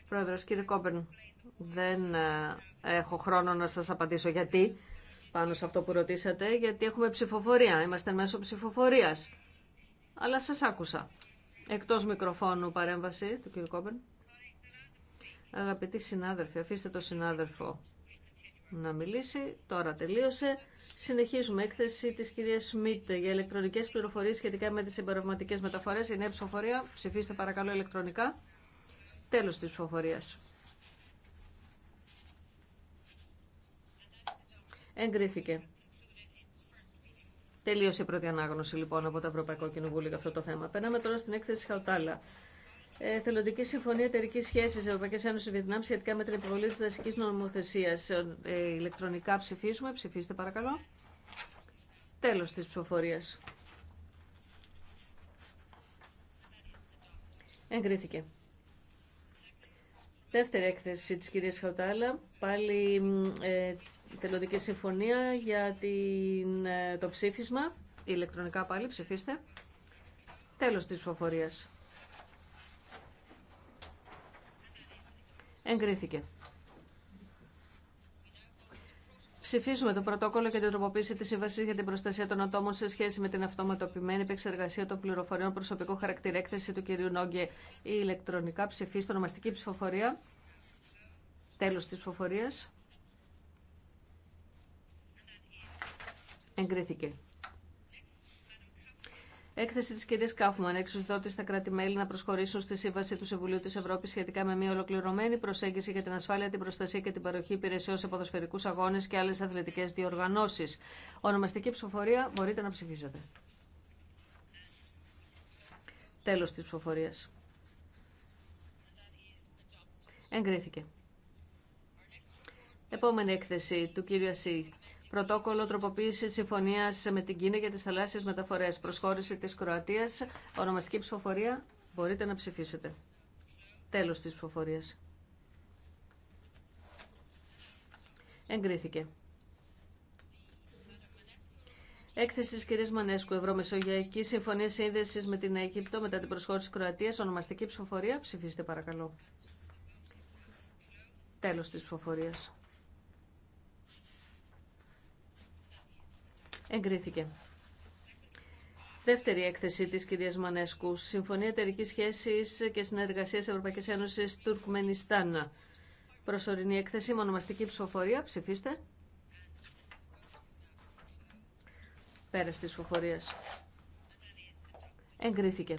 Πρόεδρο, κύριε Κόμπερν, δεν ε, έχω χρόνο να σα απαντήσω γιατί πάνω σε αυτό που ρωτήσατε, γιατί έχουμε ψηφοφορία. Είμαστε μέσω ψηφοφορία. Αλλά σα άκουσα. Εκτό μικροφώνου παρέμβαση του κύριου Κόμπερν. Αγαπητοί συνάδελφοι, αφήστε το συνάδελφο να μιλήσει. Τώρα τελείωσε. Συνεχίζουμε έκθεση τη κυρία Σμιτ για ηλεκτρονικέ πληροφορίε σχετικά με τι εμπορευματικέ μεταφορέ. Η νέα ψηφοφορία. Ψηφίστε παρακαλώ ηλεκτρονικά. Τέλο τη ψηφοφορία. Εγκρίθηκε. Τελείωσε η πρώτη ανάγνωση λοιπόν από το Ευρωπαϊκό Κοινοβούλιο για αυτό το θέμα. Περνάμε τώρα στην έκθεση Χαουτάλα. Ε, θελοντική Συμφωνία Εταιρική Σχέση Ευρωπαϊκή Ένωση Βιετνάμ σχετικά με την επιβολή τη δασική νομοθεσία. Ε, ηλεκτρονικά ψηφίσουμε. Ψηφίστε παρακαλώ. Τέλο τη ψηφοφορία. Εγκρίθηκε. Δεύτερη έκθεση της κυρίας Χαουτάλα, πάλι ε, θελοντική συμφωνία για την, ε, το ψήφισμα, ηλεκτρονικά πάλι, ψηφίστε. Τέλος της ψηφοφορίας. Εγκρίθηκε. Ψηφίζουμε το πρωτόκολλο και την τροποποίηση τη Σύμβαση για την Προστασία των Ατόμων σε σχέση με την αυτοματοποιημένη επεξεργασία των πληροφοριών προσωπικού χαρακτήρα έκθεση του κυρίου Νόγκε η ηλεκτρονικά ψηφί ονομαστική ψηφοφορία. Τέλος της ψηφοφορίας. Εγκρίθηκε. Έκθεση τη κυρία Κάφμαν, εξουσιοδότη στα κράτη-μέλη να προσχωρήσουν στη Σύμβαση του Συμβουλίου τη Ευρώπη σχετικά με μια ολοκληρωμένη προσέγγιση για την ασφάλεια, την προστασία και την παροχή υπηρεσιών σε ποδοσφαιρικού αγώνε και άλλε αθλητικέ διοργανώσει. Ονομαστική ψηφοφορία μπορείτε να ψηφίσετε. Τέλο τη ψηφοφορία. Εγκρίθηκε. Επόμενη έκθεση του κύριου Ασή. Πρωτόκολλο τροποποίηση συμφωνία με την Κίνα για τι θαλάσσιε μεταφορέ. Προσχώρηση τη Κροατία. Ονομαστική ψηφοφορία. Μπορείτε να ψηφίσετε. Τέλο τη ψηφοφορία. Εγκρίθηκε. Έκθεση τη κυρία Μανέσκου, Ευρωμεσογειακή Συμφωνία Σύνδεση με την Αίγυπτο μετά την προσχώρηση Κροατία. Ονομαστική ψηφοφορία. Ψηφίστε παρακαλώ. Τέλο τη ψηφοφορία. εγκρίθηκε. Δεύτερη έκθεση της κυρίας Μανέσκου, Συμφωνία Εταιρική Σχέσης και Συνεργασίας Ευρωπαϊκής Ένωσης Τουρκμενιστάν. Προσωρινή έκθεση, μονομαστική ψηφοφορία, ψηφίστε. Πέρας της ψηφοφορίας. Εγκρίθηκε.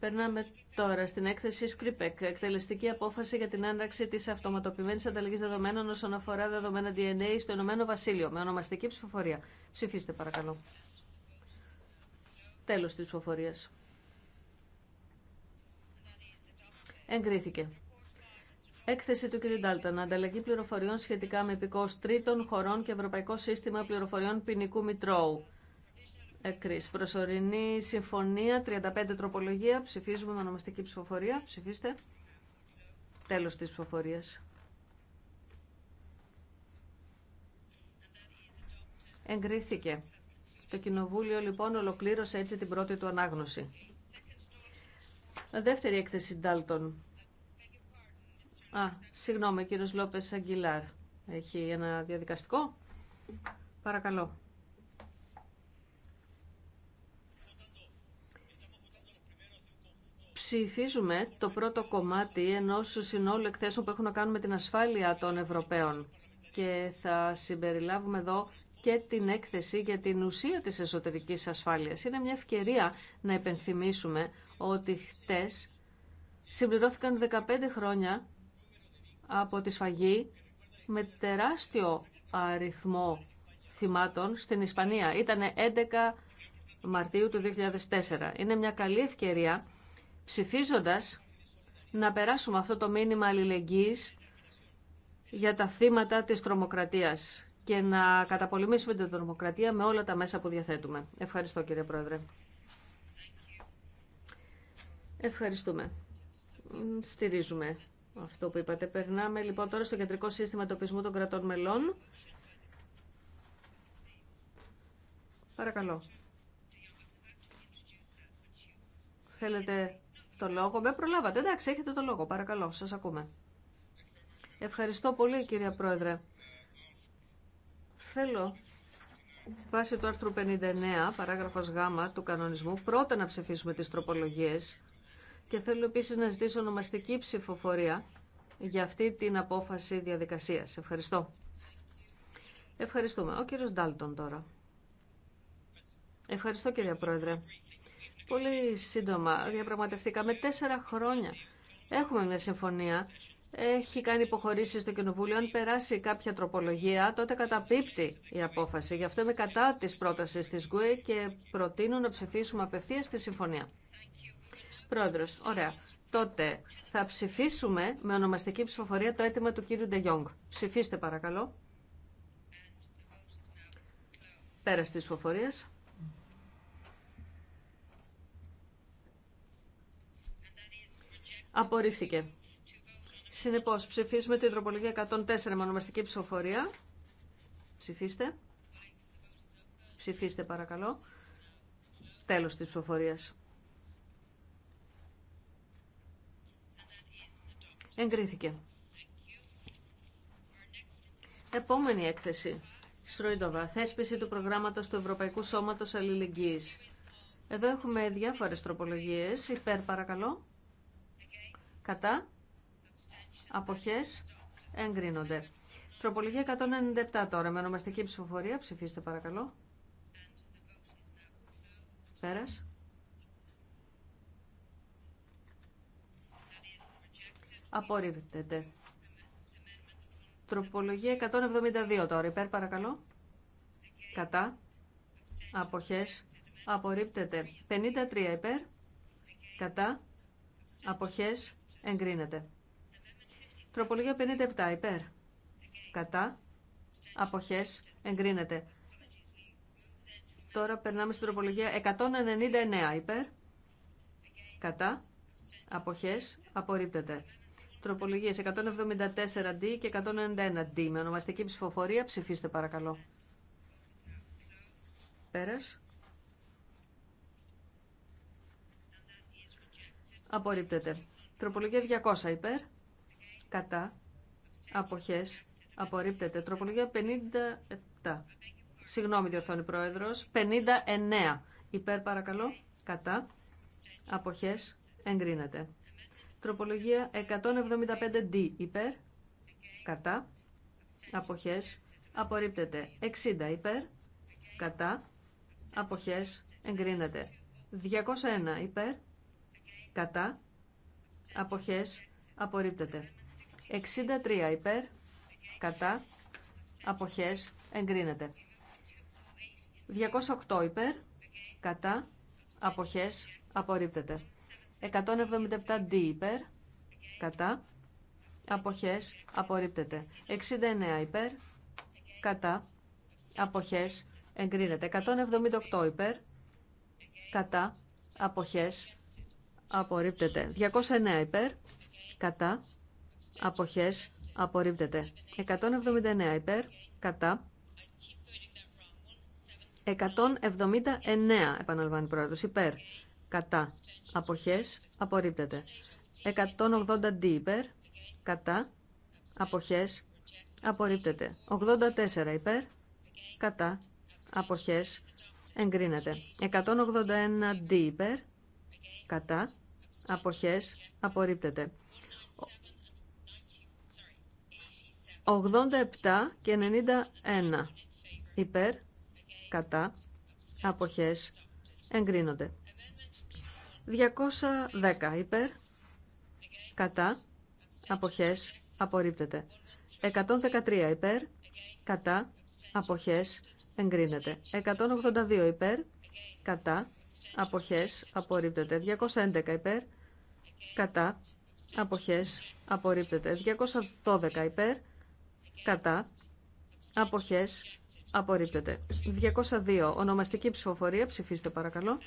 Περνάμε τώρα στην έκθεση Σκρίπεκ, εκτελεστική απόφαση για την έναρξη τη αυτοματοποιημένη ανταλλαγή δεδομένων όσον αφορά δεδομένα DNA στο Ηνωμένο Βασίλειο, με ονομαστική ψηφοφορία. Ψηφίστε, παρακαλώ. Τέλο τη ψηφοφορία. Εγκρίθηκε. Έκθεση του κ. Ντάλταν. Ανταλλαγή πληροφοριών σχετικά με επικόστριτων τρίτων χωρών και Ευρωπαϊκό Σύστημα Πληροφοριών Ποινικού Μητρώου. Εκκρίς. Προσωρινή συμφωνία, 35 τροπολογία. Ψηφίζουμε με ονομαστική ψηφοφορία. Ψηφίστε. Τέλος της ψηφοφορίας. Εγκρίθηκε. Το Κοινοβούλιο λοιπόν ολοκλήρωσε έτσι την πρώτη του ανάγνωση. Δεύτερη έκθεση Ντάλτον. Α, συγγνώμη, κύριος Λόπες Αγγιλάρ. Έχει ένα διαδικαστικό. Παρακαλώ. ψηφίζουμε το πρώτο κομμάτι ενός συνόλου εκθέσεων που έχουν να κάνουν με την ασφάλεια των Ευρωπαίων και θα συμπεριλάβουμε εδώ και την έκθεση για την ουσία της εσωτερικής ασφάλειας. Είναι μια ευκαιρία να επενθυμίσουμε ότι χτες συμπληρώθηκαν 15 χρόνια από τη σφαγή με τεράστιο αριθμό θυμάτων στην Ισπανία. Ήταν 11 Μαρτίου του 2004. Είναι μια καλή ευκαιρία ψηφίζοντας να περάσουμε αυτό το μήνυμα αλληλεγγύης για τα θύματα της τρομοκρατίας και να καταπολεμήσουμε την τρομοκρατία με όλα τα μέσα που διαθέτουμε. Ευχαριστώ κύριε Πρόεδρε. Ευχαριστούμε. Στηρίζουμε αυτό που είπατε. Περνάμε λοιπόν τώρα στο κεντρικό σύστημα τοπισμού των κρατών μελών. Παρακαλώ. Θέλετε το λόγο. Με προλάβατε. Εντάξει, έχετε το λόγο. Παρακαλώ, σας ακούμε. Ευχαριστώ πολύ, κυρία Πρόεδρε. Θέλω, βάσει του άρθρου 59, παράγραφος Γ του κανονισμού, πρώτα να ψηφίσουμε τις τροπολογίες και θέλω επίσης να ζητήσω ονομαστική ψηφοφορία για αυτή την απόφαση διαδικασίας. Ευχαριστώ. Ευχαριστούμε. Ο κύριος Ντάλτον τώρα. Ευχαριστώ, κυρία Πρόεδρε. Πολύ σύντομα, διαπραγματευτήκαμε τέσσερα χρόνια. Έχουμε μια συμφωνία. Έχει κάνει υποχωρήσει στο Κοινοβούλιο. Αν περάσει κάποια τροπολογία, τότε καταπίπτει η απόφαση. Γι' αυτό είμαι κατά τη πρόταση τη Γκουε και προτείνω να ψηφίσουμε απευθεία τη συμφωνία. Πρόεδρο, ωραία. Τότε θα ψηφίσουμε με ονομαστική ψηφοφορία το αίτημα του κύριου Ντεγιόγκ. Ψηφίστε παρακαλώ. Πέρα τη ψηφοφορία. Απορρίφθηκε. Συνεπώς, ψηφίσουμε την τροπολογία 104 με ονομαστική ψηφοφορία. Ψηφίστε. Ψηφίστε παρακαλώ. Τέλο της ψηφοφορία. Εγκρίθηκε. Επόμενη έκθεση. Σροϊντοβα. Θέσπιση του προγράμματος του Ευρωπαϊκού Σώματος Αλληλεγγύης. Εδώ έχουμε διάφορες τροπολογίες. Υπέρ παρακαλώ κατά, αποχές, εγκρίνονται. Τροπολογία 197 τώρα, με ονομαστική ψηφοφορία, ψηφίστε παρακαλώ. Πέρας. Απορρίπτεται. Τροπολογία 172 τώρα, υπέρ παρακαλώ. Κατά. Αποχές. Απορρίπτεται. 53 υπέρ. Κατά. Αποχές. Εγκρίνεται. Τροπολογία 57. Υπέρ. Κατά. Αποχές. Εγκρίνεται. Τώρα περνάμε στην τροπολογία 199. Υπέρ. Κατά. Αποχές. Απορρίπτεται. Τροπολογίες 174D και 191D. Με ονομαστική ψηφοφορία ψηφίστε παρακαλώ. Πέρας. Απορρίπτεται. Τροπολογία 200 υπέρ, κατά, αποχές, απορρίπτεται. Τροπολογία 57, συγγνώμη διορθώνει πρόεδρος, 59 υπέρ παρακαλώ, κατά, αποχές, εγκρίνεται. Τροπολογία 175D υπέρ, κατά, αποχές, απορρίπτεται. 60 υπέρ, κατά, αποχές, εγκρίνεται. 201 υπέρ, κατά, αποχές απορρίπτεται. 63 υπέρ, κατά, αποχές εγκρίνεται. 208 υπέρ, κατά, αποχές απορρίπτεται. 177 d υπέρ, κατά, αποχές απορρίπτεται. 69 υπέρ, κατά, αποχές εγκρίνεται. 178 υπέρ, κατά, αποχές απορρίπτεται. 209 υπέρ, κατά, αποχές, απορρίπτεται. 179 υπέρ, κατά, 179 επαναλαμβάνει πρόεδρος, υπέρ, κατά, αποχές, απορρίπτεται. 180 d υπέρ, κατά, αποχές, απορρίπτεται. 84 υπέρ, κατά, αποχές, εγκρίνεται. 181 d υπέρ, κατά, αποχές απορρίπτεται. 87 και 91 υπέρ, κατά, αποχές εγκρίνονται. 210 υπέρ, κατά, αποχές απορρίπτεται. 113 υπέρ, κατά, αποχές εγκρίνεται. 182 υπέρ, κατά, αποχές απορρίπτεται. 211 υπέρ, κατά, αποχές, απορρίπτεται. 212 υπέρ, κατά, αποχές, απορρίπτεται. 202 ονομαστική ψηφοφορία, ψηφίστε παρακαλώ.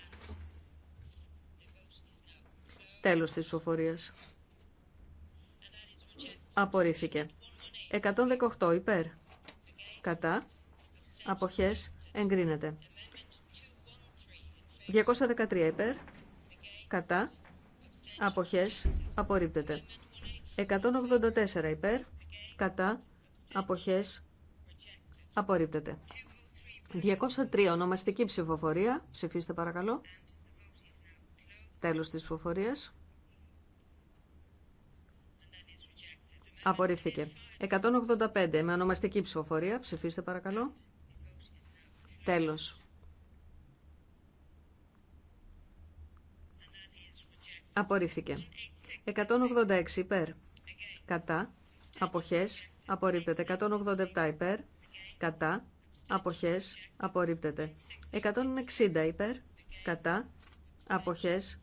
Τέλος της ψηφοφορίας. Απορρίφθηκε. 118 υπέρ, κατά, αποχές, εγκρίνεται. 213 υπέρ, κατά, Αποχές. Απορρίπτεται. 184 υπέρ. Κατά. Αποχές. Απορρίπτεται. 203 ονομαστική ψηφοφορία. Ψηφίστε παρακαλώ. Τέλος της ψηφοφορίας. Απορρίφθηκε. 185 με ονομαστική ψηφοφορία. Ψηφίστε παρακαλώ. Τέλος. Απορρίφθηκε. 186 υπέρ. Κατά. Αποχές. Απορρίπτεται. 187 υπέρ. Κατά. Αποχές. Απορρίπτεται. 160 υπέρ. Κατά. Αποχές.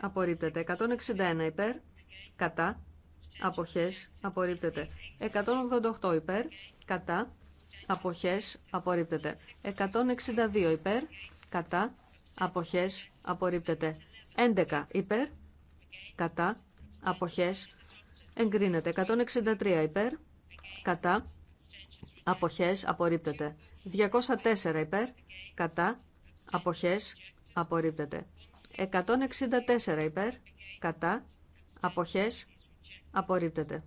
Απορρίπτεται. 161 υπέρ. Κατά. Αποχές. Απορρίπτεται. 188 υπέρ. Κατά. Αποχές. Απορρίπτεται. 162 υπέρ. Κατά. Αποχές. Απορρίπτεται. 11 υπέρ κατά, αποχές, εγκρίνεται. 163 υπέρ, κατά, αποχές, απορρίπτεται. 204 υπέρ, κατά, αποχές, απορρίπτεται. 164 υπέρ, κατά, αποχές, απορρίπτεται.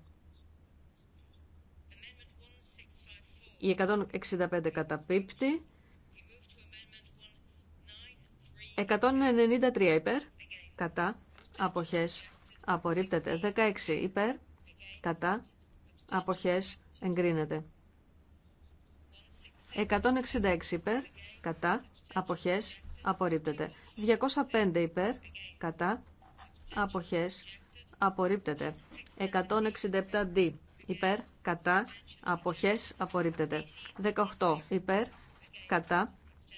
Η 165 καταπίπτει. 193 υπέρ, κατά, αποχές απορρίπτεται. 16 υπέρ, κατά, αποχές εγκρίνεται. 166 υπέρ, κατά, αποχές απορρίπτεται. 205 υπέρ, κατά, αποχές απορρίπτεται. 167 δι υπέρ, κατά, αποχές απορρίπτεται. 18 υπέρ, κατά,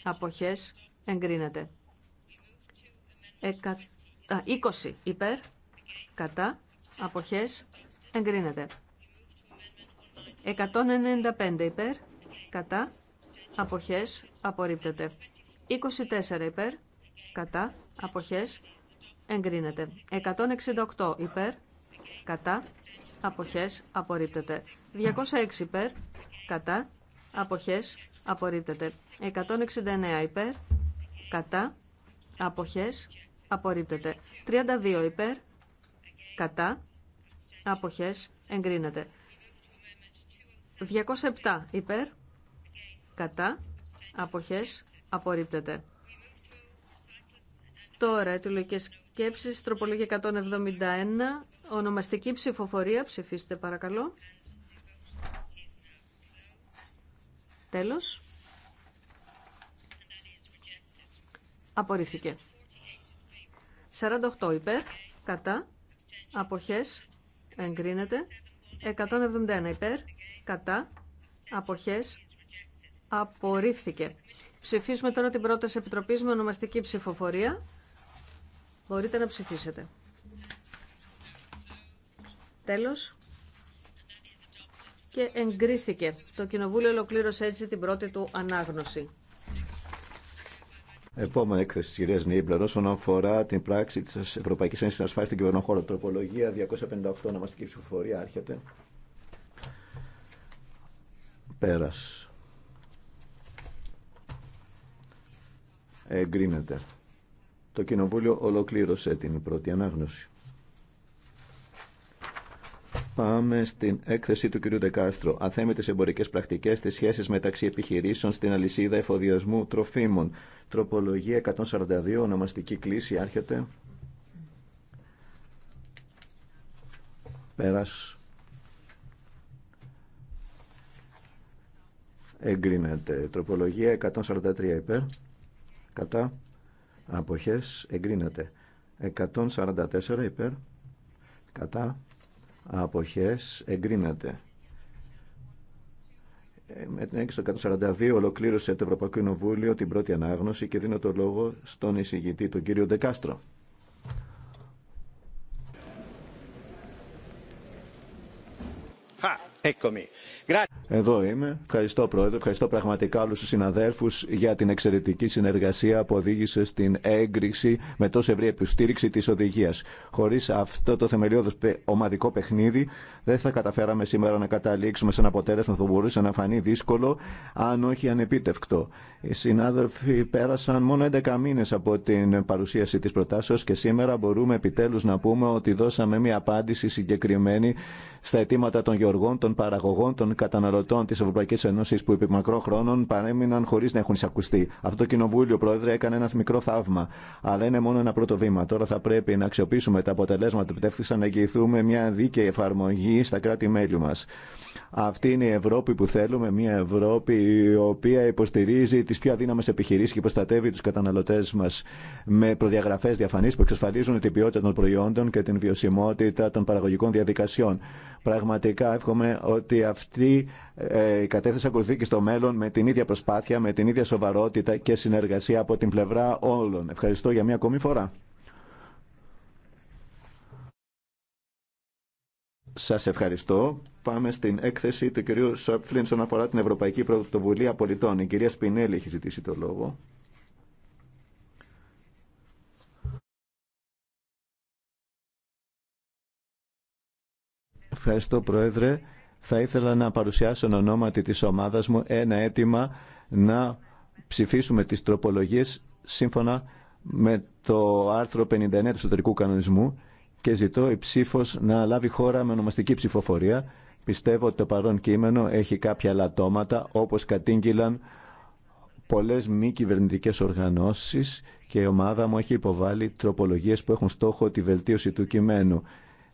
αποχές εγκρίνεται. 20 υπέρ, κατά, αποχές, εγκρίνεται. 195 υπέρ, κατά, αποχές, απορρίπτεται. 24 υπέρ, κατά, αποχές, εγκρίνεται. 168 υπέρ, κατά, αποχές, απορρίπτεται. 206 υπέρ, κατά, αποχές, απορρίπτεται. 169 υπέρ, κατά, αποχές, απορρίπτεται. 32 υπέρ, κατά, αποχές, εγκρίνεται. 207 υπέρ, κατά, αποχές, απορρίπτεται. Τώρα, αιτιολογικές σκέψεις, τροπολογία 171, ονομαστική ψηφοφορία, ψηφίστε παρακαλώ. Τέλος. Απορρίφθηκε. 48 υπέρ, κατά, αποχές, εγκρίνεται. 171 υπέρ, κατά, αποχές, απορρίφθηκε. Ψηφίσουμε τώρα την πρόταση επιτροπής με ονομαστική ψηφοφορία. Μπορείτε να ψηφίσετε. Τέλος. Και εγκρίθηκε. Το Κοινοβούλιο ολοκλήρωσε έτσι την πρώτη του ανάγνωση. Επόμενη έκθεση τη κυρία Νίμπλερ όσον αφορά την πράξη τη Ευρωπαϊκή Ένωση Ασφάλεια στην κυβερνοχώρο. Τροπολογία 258, ονομαστική ψηφοφορία, άρχεται. Πέρα. Εγκρίνεται. Το Κοινοβούλιο ολοκλήρωσε την πρώτη ανάγνωση. Πάμε στην έκθεση του κ. Δεκάστρο. Αθέμητε εμπορικέ πρακτικέ στι σχέσει μεταξύ επιχειρήσεων στην αλυσίδα εφοδιασμού τροφίμων. Τροπολογία 142, ονομαστική κλίση, άρχεται. Πέρας. Εγκρίνεται. Τροπολογία 143 υπέρ. Κατά. Αποχές. Εγκρίνεται. 144 υπέρ. Κατά αποχές εγκρίνεται. Ε, με την έγκριση του 142 ολοκλήρωσε το Ευρωπαϊκό Κοινοβούλιο την πρώτη ανάγνωση και δίνω το λόγο στον εισηγητή, τον κύριο Ντεκάστρο. Εδώ είμαι. Ευχαριστώ, Πρόεδρε. Ευχαριστώ πραγματικά όλου του συναδέλφου για την εξαιρετική συνεργασία που οδήγησε στην έγκριση με τόσο ευρύ επιστήριξη τη οδηγία. Χωρί αυτό το θεμελιώδε ομαδικό παιχνίδι, δεν θα καταφέραμε σήμερα να καταλήξουμε σε ένα αποτέλεσμα που μπορούσε να φανεί δύσκολο, αν όχι ανεπίτευκτο. Οι συνάδελφοι πέρασαν μόνο 11 μήνε από την παρουσίαση τη προτάσεω και σήμερα μπορούμε επιτέλου να πούμε ότι δώσαμε μια απάντηση συγκεκριμένη στα αιτήματα των γεωργών, των παραγωγών των καταναλωτών τη Ευρωπαϊκή Ένωση που επί μακρό χρόνων παρέμειναν χωρί να έχουν εισακουστεί. Αυτό το Κοινοβούλιο, Πρόεδρε, έκανε ένα μικρό θαύμα. Αλλά είναι μόνο ένα πρώτο βήμα. Τώρα θα πρέπει να αξιοποιήσουμε τα αποτελέσματα που επιτεύχθησαν να εγγυηθούμε μια δίκαιη εφαρμογή στα κράτη-μέλη μα. Αυτή είναι η Ευρώπη που θέλουμε, μια Ευρώπη η οποία υποστηρίζει τι πιο αδύναμε επιχειρήσει και προστατεύει του καταναλωτέ μα με προδιαγραφέ διαφανή που εξασφαλίζουν την ποιότητα των προϊόντων και την βιωσιμότητα των παραγωγικών διαδικασιών. Πραγματικά εύχομαι ότι αυτή ε, η κατεύθυνση ακολουθεί και στο μέλλον με την ίδια προσπάθεια, με την ίδια σοβαρότητα και συνεργασία από την πλευρά όλων. Ευχαριστώ για μια ακόμη φορά. Σας ευχαριστώ. Πάμε στην έκθεση του κυρίου Σόπφλιν όσον αφορά την Ευρωπαϊκή Πρωτοβουλία Πολιτών. Η κυρία Σπινέλη έχει ζητήσει το λόγο. Ευχαριστώ, Πρόεδρε θα ήθελα να παρουσιάσω εν ονόματι της ομάδας μου ένα αίτημα να ψηφίσουμε τις τροπολογίες σύμφωνα με το άρθρο 59 του εσωτερικού κανονισμού και ζητώ η ψήφος να λάβει χώρα με ονομαστική ψηφοφορία. Πιστεύω ότι το παρόν κείμενο έχει κάποια λατώματα όπως κατήγγυλαν πολλές μη κυβερνητικέ οργανώσεις και η ομάδα μου έχει υποβάλει τροπολογίες που έχουν στόχο τη βελτίωση του κειμένου.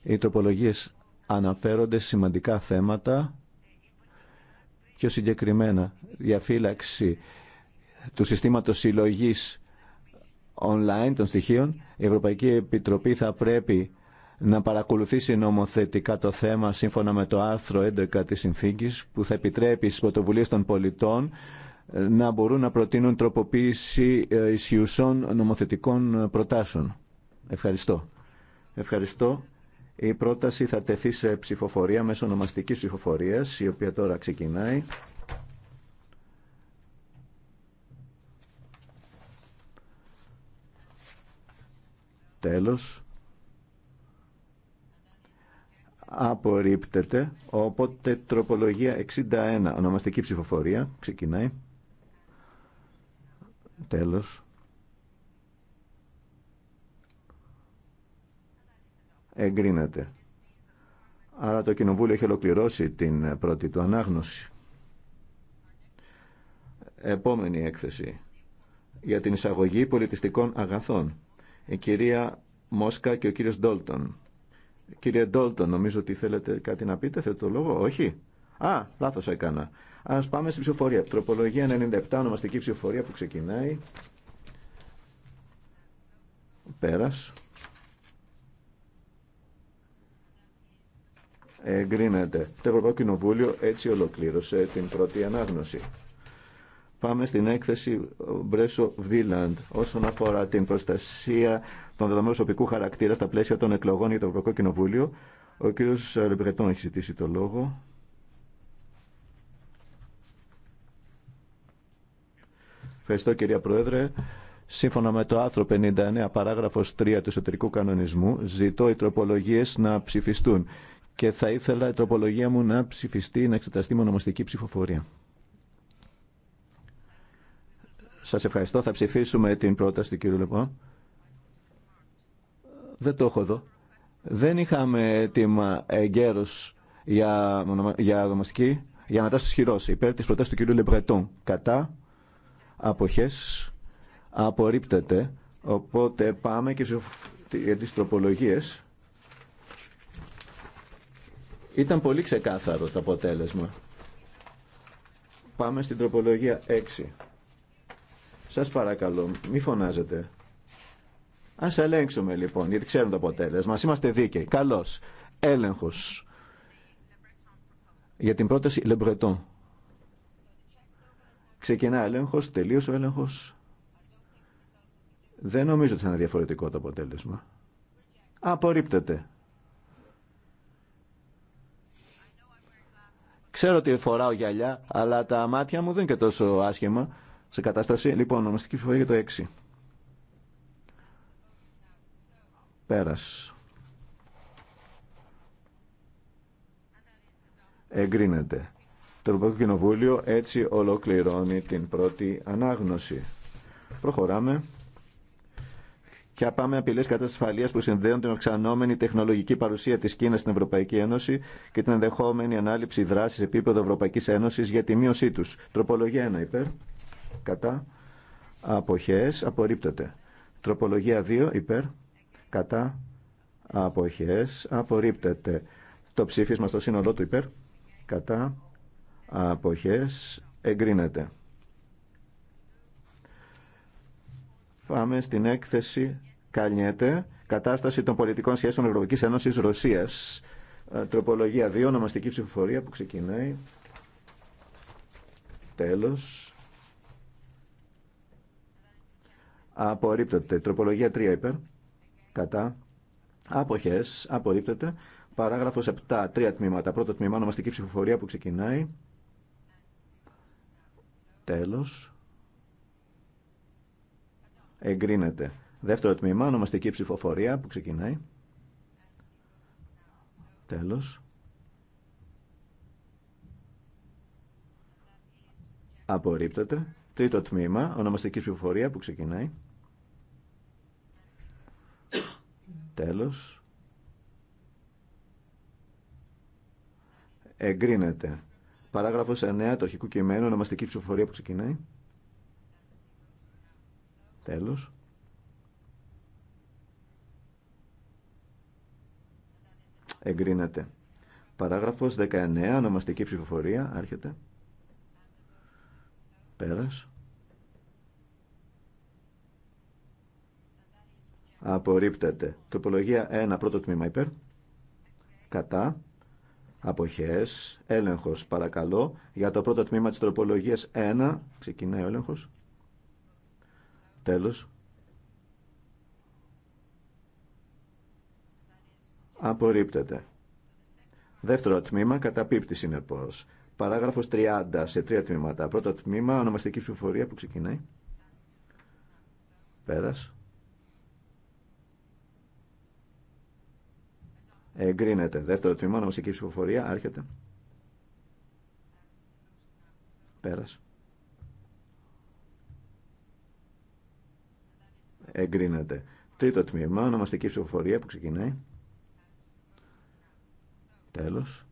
Οι τροπολογίες αναφέρονται σημαντικά θέματα πιο συγκεκριμένα διαφύλαξη του συστήματος συλλογής online των στοιχείων. Η Ευρωπαϊκή Επιτροπή θα πρέπει να παρακολουθήσει νομοθετικά το θέμα σύμφωνα με το άρθρο 11 της Συνθήκης που θα επιτρέπει στις πρωτοβουλίε των πολιτών να μπορούν να προτείνουν τροποποίηση ε, ισχυουσών νομοθετικών προτάσεων. Ευχαριστώ. Ευχαριστώ. Η πρόταση θα τεθεί σε ψηφοφορία μέσω ονομαστικής ψηφοφορία η οποία τώρα ξεκινάει. Τέλος. Απορρίπτεται, οπότε τροπολογία 61, ονομαστική ψηφοφορία, ξεκινάει. Τέλος. εγκρίνεται. Άρα το Κοινοβούλιο έχει ολοκληρώσει την πρώτη του ανάγνωση. Επόμενη έκθεση για την εισαγωγή πολιτιστικών αγαθών. Η κυρία Μόσκα και ο κύριος Ντόλτον. Κύριε Ντόλτον, νομίζω ότι θέλετε κάτι να πείτε, θέλετε το λόγο, όχι. Α, λάθος έκανα. Ας πάμε στην ψηφοφορία. Τροπολογία 97, ονομαστική ψηφοφορία που ξεκινάει. Πέρας. εγκρίνεται. Το Ευρωπαϊκό Κοινοβούλιο έτσι ολοκλήρωσε την πρώτη ανάγνωση. Πάμε στην έκθεση Μπρέσο Βίλαντ όσον αφορά την προστασία των δεδομένων σωπικού χαρακτήρα στα πλαίσια των εκλογών για το Ευρωπαϊκό Κοινοβούλιο. Ο κ. Λεμπρετών έχει ζητήσει το λόγο. Ευχαριστώ κυρία Πρόεδρε. Σύμφωνα με το άρθρο 59 παράγραφος 3 του εσωτερικού κανονισμού ζητώ οι τροπολογίες να ψηφιστούν και θα ήθελα η τροπολογία μου να ψηφιστεί, να εξεταστεί με ονομαστική ψηφοφορία. Σας ευχαριστώ. Θα ψηφίσουμε την πρόταση του κύριου λοιπόν. Δεν το έχω εδώ. Δεν είχαμε έτοιμα εγκαίρως για, για δομαστική, για να τα συσχυρώσει υπέρ της προτάσης του κυρίου Λεμπρετών. Κατά, αποχές, απορρίπτεται. Οπότε πάμε και στις τροπολογίες. Ήταν πολύ ξεκάθαρο το αποτέλεσμα. Πάμε στην τροπολογία 6. Σας παρακαλώ, μη φωνάζετε. Ας ελέγξουμε λοιπόν, γιατί ξέρουμε το αποτέλεσμα. Ας είμαστε δίκαιοι. Καλώς. Έλεγχος. Για την πρόταση Le Ξεκινάει Ξεκινά έλεγχος, τελείωσε ο έλεγχος. Δεν νομίζω ότι θα είναι διαφορετικό το αποτέλεσμα. Απορρίπτεται. Ξέρω ότι φοράω γυαλιά, αλλά τα μάτια μου δεν είναι και τόσο άσχημα σε κατάσταση. Λοιπόν, ονομαστική ψηφοφορία για το 6. Πέρας. Εγκρίνεται. Το Ευρωπαϊκό Κοινοβούλιο έτσι ολοκληρώνει την πρώτη ανάγνωση. Προχωράμε και απάμε απειλέ κατά τη ασφαλεία που συνδέονται με αυξανόμενη τεχνολογική παρουσία τη Κίνα στην Ευρωπαϊκή Ένωση και την ενδεχόμενη ανάληψη δράση σε επίπεδο Ευρωπαϊκή Ένωση για τη μείωσή του. Τροπολογία 1 υπέρ. Κατά. Αποχέ. Απορρίπτεται. Τροπολογία 2 υπέρ. Κατά. Αποχέ. Απορρίπτεται. Το ψήφισμα στο σύνολό του υπέρ. Κατά. Αποχέ. Εγκρίνεται. Πάμε στην έκθεση Καλνιέται. Κατάσταση των πολιτικών σχέσεων Ευρωπαϊκή Ένωση Ρωσία. Ε, τροπολογία 2. Ονομαστική ψηφοφορία που ξεκινάει. Τέλο. Απορρίπτεται. Τροπολογία 3 υπέρ. Κατά. Αποχέ. Απορρίπτεται. Παράγραφο 7. Τρία τμήματα. Πρώτο τμήμα. Ονομαστική ψηφοφορία που ξεκινάει. Τέλο. Εγκρίνεται. Δεύτερο τμήμα, ονομαστική ψηφοφορία που ξεκινάει. Τέλος. Απορρίπτεται. Τρίτο τμήμα, ονομαστική ψηφοφορία που ξεκινάει. Τέλος. Εγκρίνεται. Παράγραφος 9 το αρχικού κειμένο, ονομαστική ψηφοφορία που ξεκινάει. Τέλος. Εγκρίνεται. Παράγραφος 19. Ονομαστική ψηφοφορία. Άρχεται. Πέρας. Απορρίπτεται. Τροπολογία 1. Πρώτο τμήμα υπέρ. Κατά. Αποχές. Έλεγχος. Παρακαλώ. Για το πρώτο τμήμα της τροπολογίας 1. Ξεκινάει ο έλεγχος. Τέλος. Απορρίπτεται. Δεύτερο τμήμα καταπίπτει συνεπώ. Παράγραφος 30 σε τρία τμήματα. Πρώτο τμήμα ονομαστική ψηφοφορία που ξεκινάει. Πέρας. Εγκρίνεται. Δεύτερο τμήμα ονομαστική ψηφοφορία. Άρχεται. Πέρας. Εγκρίνεται. Τρίτο τμήμα ονομαστική ψηφοφορία που ξεκινάει. Τέλος.